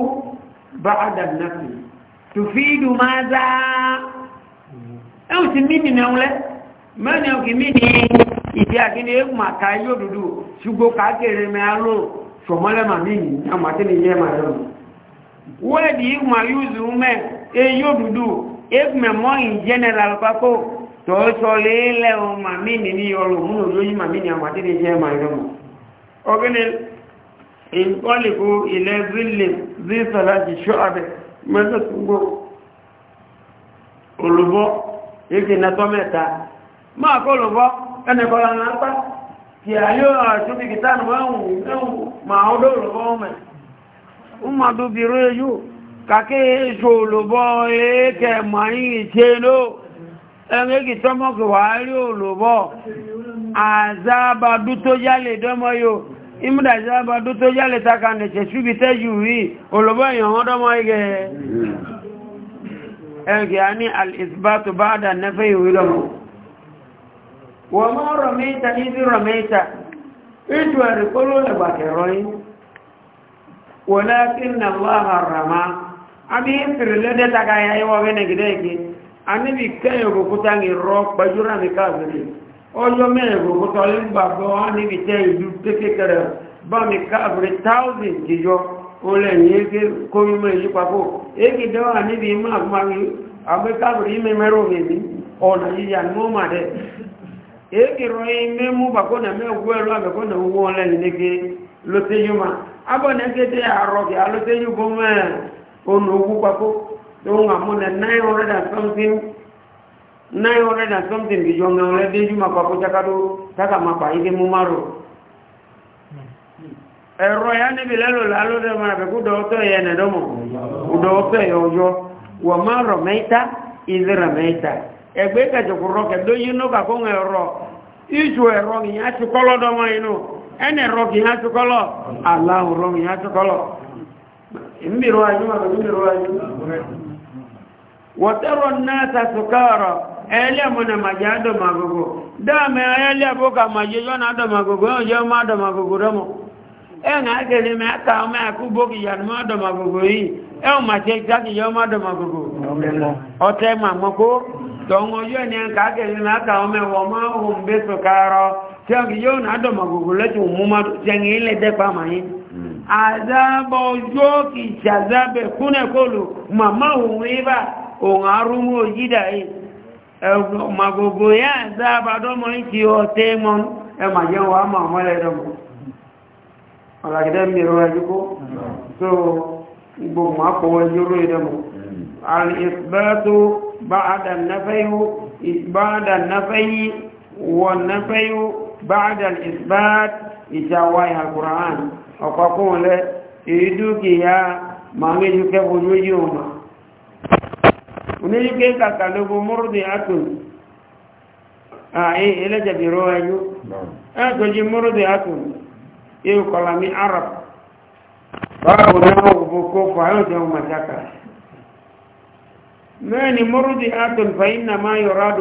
bá adànàfi tó fi ìdù máa dá ẹ̀hùn ti mí nìna ọlẹ́ mẹ́rin ọkì mí ní ìdí àkíní ẹkùn àká yóò dúdú ṣùgbọ́ káàkiri mẹ́alò ṣọ̀mọ́lẹ́mà mí ní àmàtí ni yẹ́ màá yọ́ mẹ́ èyí yóò dúdú ebùmẹ̀ mọ́ in general pákó tó sọ léèlẹ̀ o màmí ní ní ọrọ̀ múnà lóyìn màmí ní àmàdé ní jẹ́ màá ìrọ̀mù ọgbẹ́ni ìkọlìkú ilẹ̀ zílẹ̀ zíṣọ́ láti ṣọ́ abẹ mẹ́sàtúgbò olùbọ́ ìkì nàtọ́ mẹ́ta máa kó olùbọ́ ẹnìkọ́lá náà pá kì àyó àṣúbìkítà nù mọ́ ẹ̀hùn màá ọdọ́ olùbọ́ mẹ́ kàkí ìṣòlòbọ́ ẹ̀ẹ́kẹ́ mọ̀yìn ìṣẹ́lò ẹ̀rẹ́kì tọ́mọ́kì wà rí òlòbọ́ àzábàdú tó jálè dọ́mọ́ yóò ìmúdà àzábàdú tó jálè taka nẹ̀ṣẹ̀ ṣúbi tẹ́jù rí òlòbọ́ ìyànwọ́n dọ́mọ́ igẹ̀ ẹ̀rẹ́kì a ní alìsbátò abi pirelede daga ya iwo gene gideki ani bi kayo go kutangi ro bajura mi kafiri ojo me go kutali babo ani bi te du kare ba mi kafiri thousand jijo ole nyeke ko mi me e do ani bi ma ma abe me ni ya no ma yi me mu ba ko na me abe ko na wo ni ke lo te yuma abo ne ke te ke te yu bo onugbu kpakpo tó ń amú na nine hundred and something nine hundred and something bìjọ ń lọ déjú ma kpakpo takadó taka ma kpa yíké mú márò ẹ̀rọ ya níbi lẹ́lò lálọ́ dẹ̀ mọ́ra pẹ̀kú dọ́ọ́tọ̀ yẹ nẹ̀dọ́mọ̀ dọ́ọ́tọ̀ yẹ ọjọ́ wọ́n má rọ̀ mẹ́ta ìdí rẹ̀ mẹ́ta ẹgbẹ́ kẹjọkù rọ kẹdó yín ló kàkó ń ẹ̀rọ ìjù ẹ̀rọ yìí á ti kọ́lọ́ dọ́mọ inú ẹnì ẹ̀rọ yìí á ti kọ́lọ́ aláhùn rọ yìí á ti kọ́lọ́ ìmìrò ayé wà lórí ìrò ayé wọ̀tẹ́rọ náà tàṣùkọ́rọ̀ ẹlẹ́mọ̀nà màjá dọ̀màgógó dáàmẹ́ ẹlẹ́bọ́kà màjá yọ́nà dọ̀màgógó ẹ̀yọ́ má dọ̀màgógó rọ́mọ̀ ẹ̀nà àkẹrẹ mẹ́ta ọmọ ẹ̀kú bókì yànú má dọ̀màgógó yìí ẹ̀hùn màjá ìtàkìyọ́ má dọ̀màgógó ọtẹ́ màmọ́kó tọ́wọ́ yóò ní ẹ̀ka àkẹrẹ mẹ́ta ọmọ ẹ̀wọ̀ má hùn bẹ́sùkọ́rọ̀ tí àzábọ̀ ojú kì í ṣàzábẹ̀ kúnẹ̀kọ́lù màmá òun ibà òun arúmú òjídà yìí màgògò yá àzábàdọ́mọ́ ìkì ọ̀tẹ́ mọ́ ẹmà jẹ́ wà máa mọ́lẹ̀ dọ́mọ́ ọ̀làgídẹ́ mìíràn ẹjúkó tó gbogbo àpọ̀wọ̀ ẹjúrú ìdẹ́mọ́ alìsbẹ́tò báadà náfẹ́yí wọ̀n náfẹ́yí báadà ìsbẹ́t ọ̀pọ̀kún lẹ́ ìdúkìá màmíjúkẹ́ bojú yóò mọ̀ oníjúkẹ́ kàkàlógún múrùdí àtùn ààyè ẹlẹ́jẹ̀bìrọ ẹyú ẹ́tọ́jú múrùdí àtùn yóò kọ̀lá ní arab báwo náà òbòkó fàáyọ̀dẹ̀ ọmọdéka mẹ́ni múrùdí àtùn fàyínà máa yọ̀rọ̀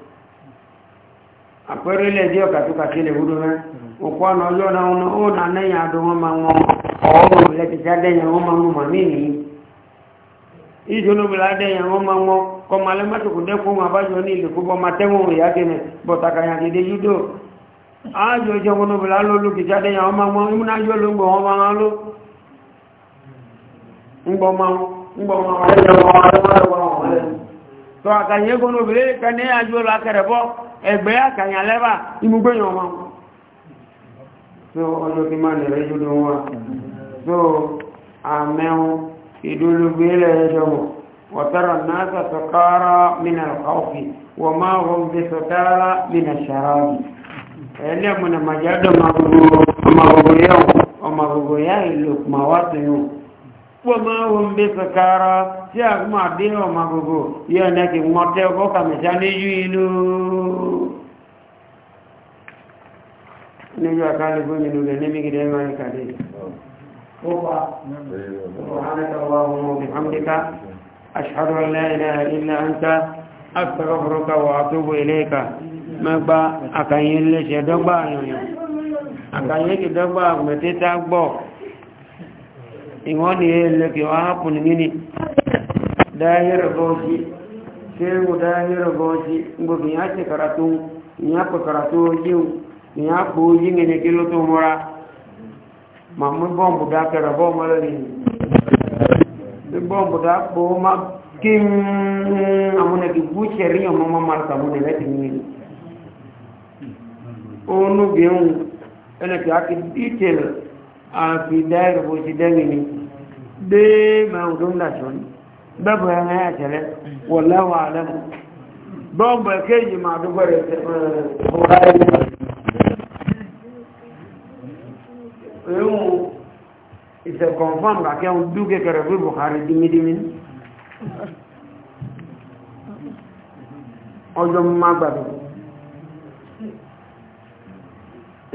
àpẹẹrẹ ilẹ̀ ẹjẹ́ ọ̀kàtúkàtí ilẹ̀ wúdú rẹ̀ òkú ọ̀nà ọlọ́nà ọ̀nà ó nà lẹ́yìn adó wọn máa wọn ọ̀ọ́mọ̀ lẹ́tìtà dẹ́yìn wọn máa wọn màmí nìyí ìṣonúbìlà dẹ́yìn wọn máa wọn kọ́ máa lẹ́mọ́tòkù dẹ́kun wọn ní ilẹ̀ kó máa tẹ́wọ̀n ìyá tọ àkànyẹ gbọ́nà obìnrin kan ní àjò ọlọ akẹrẹbọ ẹgbẹ́ àkànyà lẹ́bà imúgbẹ́yàn ọmọ so ọjọ́ kí máa nìrẹ́ jù lọ wọn so àmẹ́hun ìdúlùgbé lẹ́ẹ̀ṣọ́ wọ̀tọ́rọ̀ náà sọ̀tọ̀kọ́rọ̀ mìnà ọ̀fì wọ́n máa wọ́n kpọmọ ohun bí sọkara tí a kò máa dín ọmọ gbogbo yóò ní kí wọn tẹ ọkọ kàmẹsà níjú inú níjọ àkàlẹ fún ìlú rẹ níbi gidi ẹgbẹ rẹ kàdé. سبحانك اللهم وبحمدك أشهد أن لا إله إلا أنت أستغفرك وأتوب ingoni ele kiwapo ni nini dahira goji sehemu dahira goji ngo niache karatu niapo karatu jiu niapo jingene kilo tumora mamu bombu dakara bomba lini bombu da boma kim amune kibuche rio mama marta mune leti nini onu biun ene ki aki detail àfi dáìrì bó ti dẹ́rì ni dé máa ń dún làṣọ ni bẹ́bù ẹ̀rẹ́ àtẹ́lẹ́ wọ̀ láwọn àlẹ́mù bọ́ọ̀bù ẹ̀kéjì máa dúgbọ́ rẹ̀ ìṣẹ̀ confam kàkẹ́ ń dú kékeré fún ọjọ́ mú gbàdùn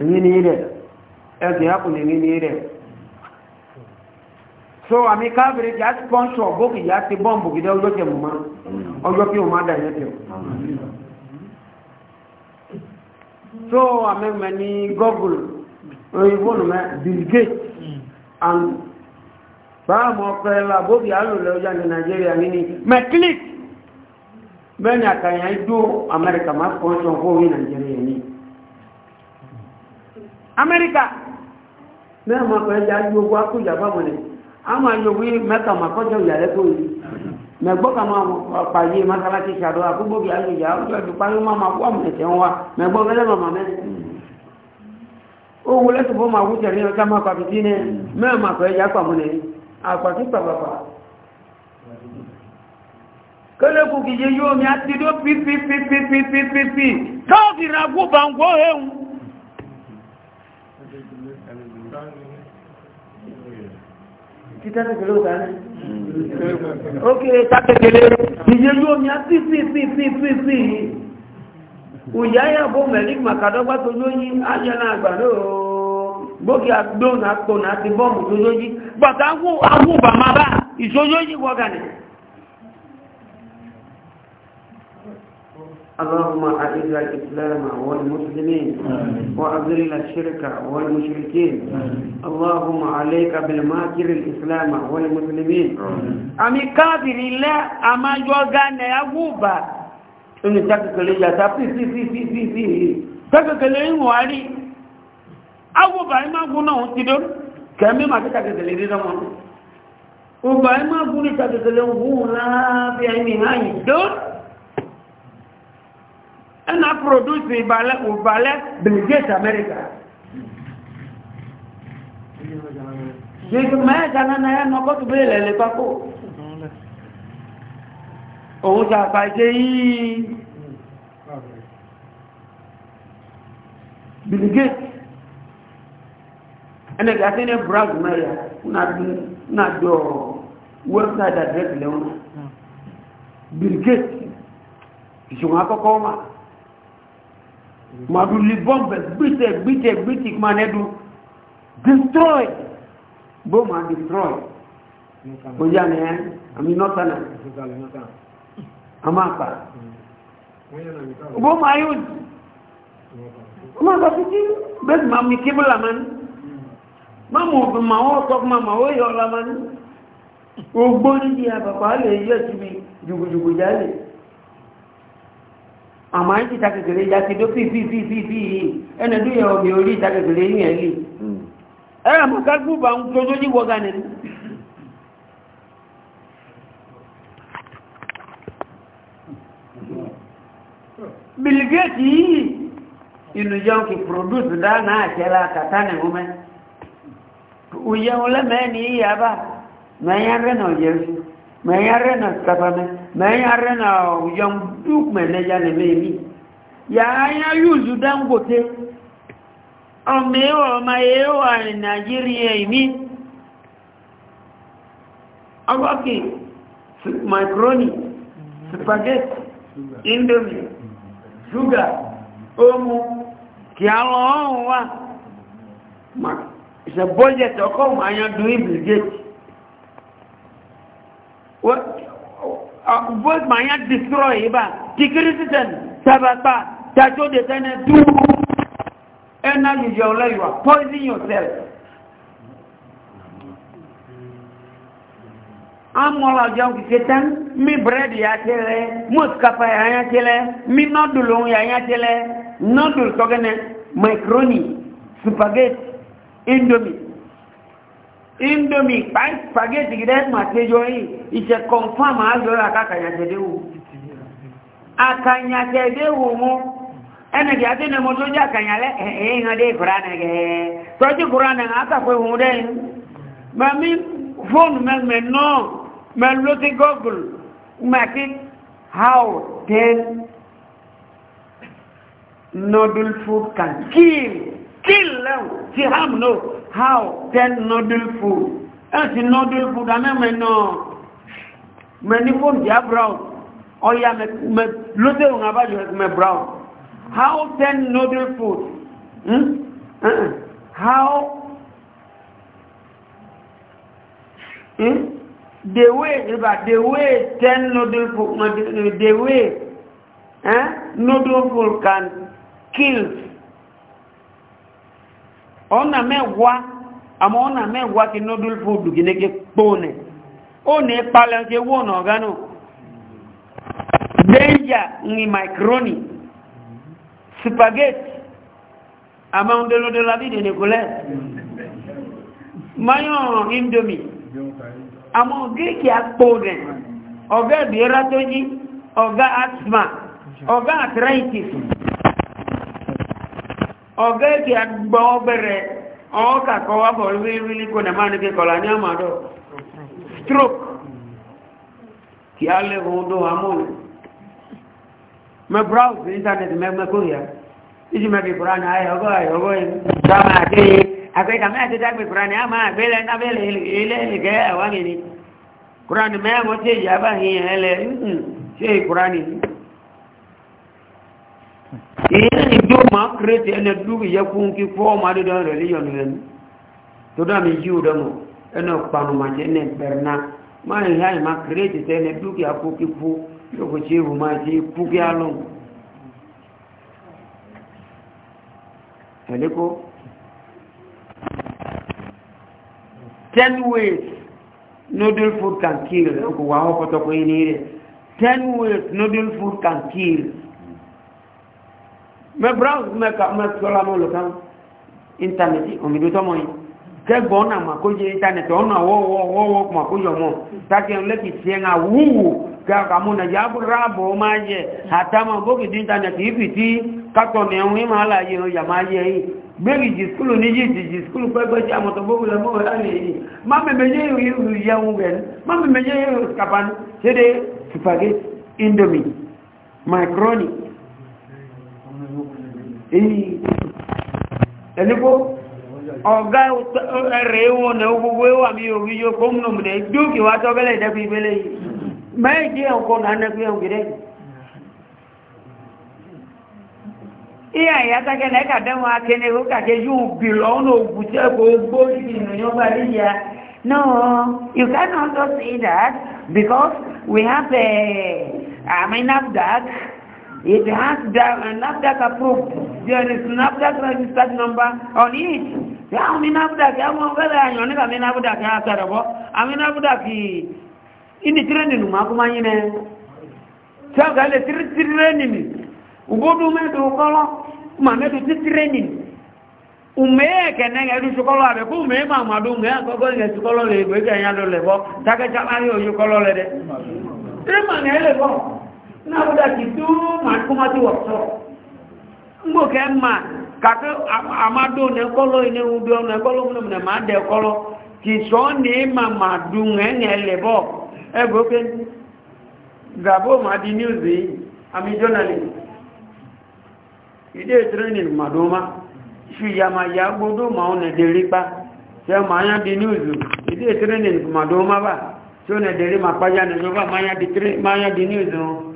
èyí ni ilẹ̀ ẹ̀sìn àkùnlé nílé rẹ̀ so àmì káàbìrì kí a ti pọ́ńṣọ̀ bókì yá ti bọ́ǹbù gidẹ́ ọjọ́ tẹ̀ mọ́ ọjọ́ kí o má dà yẹ́ tẹ̀ so àmì mẹ́ ní google òyìnbó nù mẹ́ bill gates mm. and báàmù ọ̀pẹ́ la bókì alùlẹ̀ ọjà ní nàìjíríà níní mẹ́ click mẹ́ni àkàyàn ìjó amẹ́ríkà má pọ́ńṣọ̀ fún orí nàìjíríà ní amẹ́ríkà náà máa fẹ́ ya yóò wá kó yàgbá wọn ni a máa yóò wí mẹ́ta máa kọ́jọ́ ìyàrá tó yìí mẹ́gbọ́ ká máa pàyé masalasi ṣàdọ́ àkúgbò bí ayé ọjọ́ ìdúpá yóò máa wá mẹ́gbọ́ màmá mẹ́rin fún máa máa ní máa ya pàmò ní àpàtí pàpàpà kẹ́lẹ́kù kìí títẹ́ kékeré ó dání. ó kéré tá kékeré ìyé lómi á sí sí àpò náà ti bọ́ọ̀mù tó lóyún bàtà awó bàmá bá ìṣòyóyìn wọ́gànì. اللهم أعز الإسلام والمسلمين وأذل الشرك والمشركين اللهم عليك بالماكر الإسلام والمسلمين أمي كافر الله أما جوغان يغوبا إن تككل لي تفي في في في في في تككل يواري أغوبا إما غنا وتدور كمي ما تككل يدور أغوبا إما غنا تككل يواري في عيني هاي دور ẹna produce ìbàlẹ̀ òbàlẹ̀ biligate america jẹ́gbẹ̀mọ́ ẹ̀ta náà yẹ́ nọ kọ́tù bí ilẹ̀ lè pákó òun sàfà jẹ́ yìí biligate ẹnẹ̀ gàtí ní brag mẹ́rẹ̀ náà jọ website address lẹ́wọ́n biligate ìṣòwò akọ́kọ́ máa maduli bombe gbite gbite gbite manedu destroy boma destroy bojane eh ami notana amapa boma use amapa fiti bes mami kibla man mamu ma o tok mama o yo la man ogboni dia baba le yesu mi jugu jugu jale àmà ń ti takẹ̀kẹ̀lẹ̀ ya ti dó fífífífífí yìí ẹni tó yẹ ọmọ orí takẹ̀kẹ̀lẹ̀ yìí ẹ̀ lè hmm. ẹ̀rọ àmàká gúbà ń tó bilgeti yìí jẹun kì produce dáná àṣẹlá kàtà nì mú mẹ́ òyẹun lẹ́mẹ́ni yìí yàbá mẹ́yẹn rẹ̀ náà jẹ́ fún mẹ̀yàrẹ́ na sàfàmẹ́ mẹ̀yàrẹ́ na ọ̀yọ́n dúk mẹ̀lẹ́yà ní mẹ́mí yàáyá yùzù dangote ọmọ ẹwà ọmọ ẹwà ní nàìjíríà ìmí ọgọ́kì macaroni spaghetti indomie ṣúgà omu kí a lọ ọ̀hún wá ṣe bọ́jẹ̀tì ọkọ̀ ọmọ ayọ́dún ìbìlgẹ́tì vote ma yan destroy iba ti christian sabagba dajo de tene du ena you your life you are poison yourself amola jẹun kìí tán mi bírèdì ya tẹlẹ mọ́síkápá ya ya tẹlẹ mi nọ́dùlù ya ya tẹlẹ nọ́dùlù tọ́gẹ́nẹ macaroni spaghetti indomie indomie spaghetti gidẹ màtẹjọ yìí ìṣe confam azọrọ akakanyatẹdẹwò akanyatẹdẹwò mọ ẹnìkì àtẹnumọ tó jẹ akanyalẹ ẹyìn adé ìkura nìkẹ tọjú kura nìkẹ akàfẹ òun dẹ mami fóònù mẹmẹ náà mẹ lóti gọgùl mẹkì how ten noodle food can kill still level eh, ti ham no how ten noodle food and eh, ti noodle food ame me no me ni phone dia brown oh yeah me me lote un abajo me brown how ten noodle food hmm uh -uh. how hmm the way about the way ten noodle food the way eh noodle food can kill ọ̀nà mẹ́wàá àmọ́ ọ̀nà mẹ́wàá kí noodle food gínẹ́gẹ́ pọ́ọ̀nẹ̀ ó ní palẹ̀ ṣe wọ́n ọ̀gánà danger ní macaroni spaghetti àmọ́ ọ̀dọ́lọ́dọ́lọ́ àbídẹ̀ nìkúlẹ̀ mayon indomie àmọ́ gíríkì àpọ́ọ̀nẹ̀ ọ̀gá ìbíra tó yí ọ̀gá asthma ọ̀gá arthritis ọ̀gá èkì àgbà ọgbẹ̀rẹ̀ ọ̀ọ́kà kọ́ wá bọ̀ rírí kò nà máa ní kí kọ̀lá ní àmàdọ̀ stroke kí á lè ohun tó àmúlù mẹ browse internet mẹ́gbẹ́ kó yá ìjì mẹ́bí kùránì ayẹ ọgọ́ ayẹ ọgọ́ yìí dáma àti àgbẹ̀ta mẹ́ àti dágbẹ̀ kùránì á máa gbélẹ̀ nábẹ́lẹ̀ ilé ìgẹ́ àwọn ènìyàn kùránì mẹ́wọ́n tí èyí abáhìyàn ẹlẹ́ ṣe kùránì yìí ìyẹn ìjọ máa kírètì ẹni dúró ìyẹkùn kí fọ́ọ̀mù adédọ́ rẹ̀líyọ̀nù ẹnu tó dámi jí ò dánwò ẹni ọ̀panumàjẹ́ ní ẹgbẹ̀rẹ̀ náà máa ń láì máa kírètì tẹ́ni dúkìá fún kí fún yóò ṣe ìwò máa ṣe kú kí á lọ́wọ́ ẹ̀lẹ́kó ten ways noodle food can kill ọkọ̀ wà ó kọ́tọ̀ pé ní rẹ̀ ten ways noodle food can kill mɛ browse mɛ ka mɛ tɔla mɛ olu kan internet omidu tɔmɔ yi kɛ gbɔn na ma ko je internet ɔna wɔwɔ wɔwɔ kuma ko yɔmɔ taki ɛn lɛ ki tiɛ ŋa wuwu kɛ ka mun na ja abura bɔ ma yɛ atama boki di internet ibi ti kakɔ nɛ ŋun ma la yɛ o yama yɛ yi gbɛri ji sukulu ni yi ti ji sukulu pɛpɛ ti amɔtɔ boki lɛ mɔwɛ ali yi ma mɛ mɛ yɛ yɛ yɛ ŋu bɛ ma mɛ mɛ yɛ yɛ kapani sede supageti indomie macaroni ẹ̀lẹ́gbó ọ̀gá ẹ̀rẹ̀ ìwọ̀n ní gbogbo ẹwà mi ò rí yóò kó mú nùmùnẹ̀ dúkì wá tọ́bẹ̀lẹ̀ ìdẹ́kù ìbẹ̀lẹ̀ yìí mẹ́ẹ̀dí ẹ̀kọ́ náà nẹ́kù ẹ̀kùnrin ihe ayatake na ka demo ake ne ko ka ke ju below no buje ko no you cannot just say that because we have a eh, i mean not that It has uh, NAFDAC approved. There is NAFDAC registered number on it. Ya mi NAFDAC, ya ya nyoni ka mi NAFDAC ya karabo. Ami NAFDAC ini training ma kuma yine. Sa gale training. Ubodu me do kolo, ma me do training. Ume kene ga du abe ku me ma ma ko ko le be ya do le bo. Ta cha ma yo le de. ma ne na abuda kitu matumati wakso mbo kema kaka amado ne kolo ine udo ne kolo mna mna made kolo kiso ne mama dunge ne lebo ego ken gabo ma dị madi news ami journalist ide training madoma shi yama ya godo ma ọ na ona deripa se ma ya di news ide training madoma ba so ne deri ma pa ya ne so ba ma ya di ma ọ di news no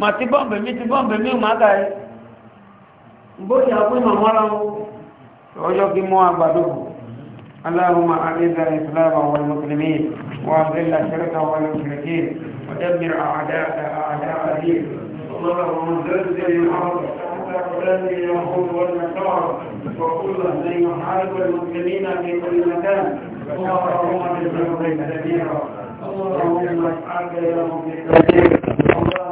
mà ti bọ́m̀bẹ̀ mi ti bọ́m̀bẹ̀ mi ò má ka yìí bóyá pé màmá ra wọn ọjọ́ kí mọ́ àgbàdo اللهم أعز الإسلام والمسلمين وأذل الشرك والمشركين ودمر أعداء أعداء الدين اللهم زلزل الأرض حتى تبني اليهود والنصارى وكل من يحارب المسلمين في كل مكان اللهم بالذنوب كثيرا اللهم اجعلك يا مؤمن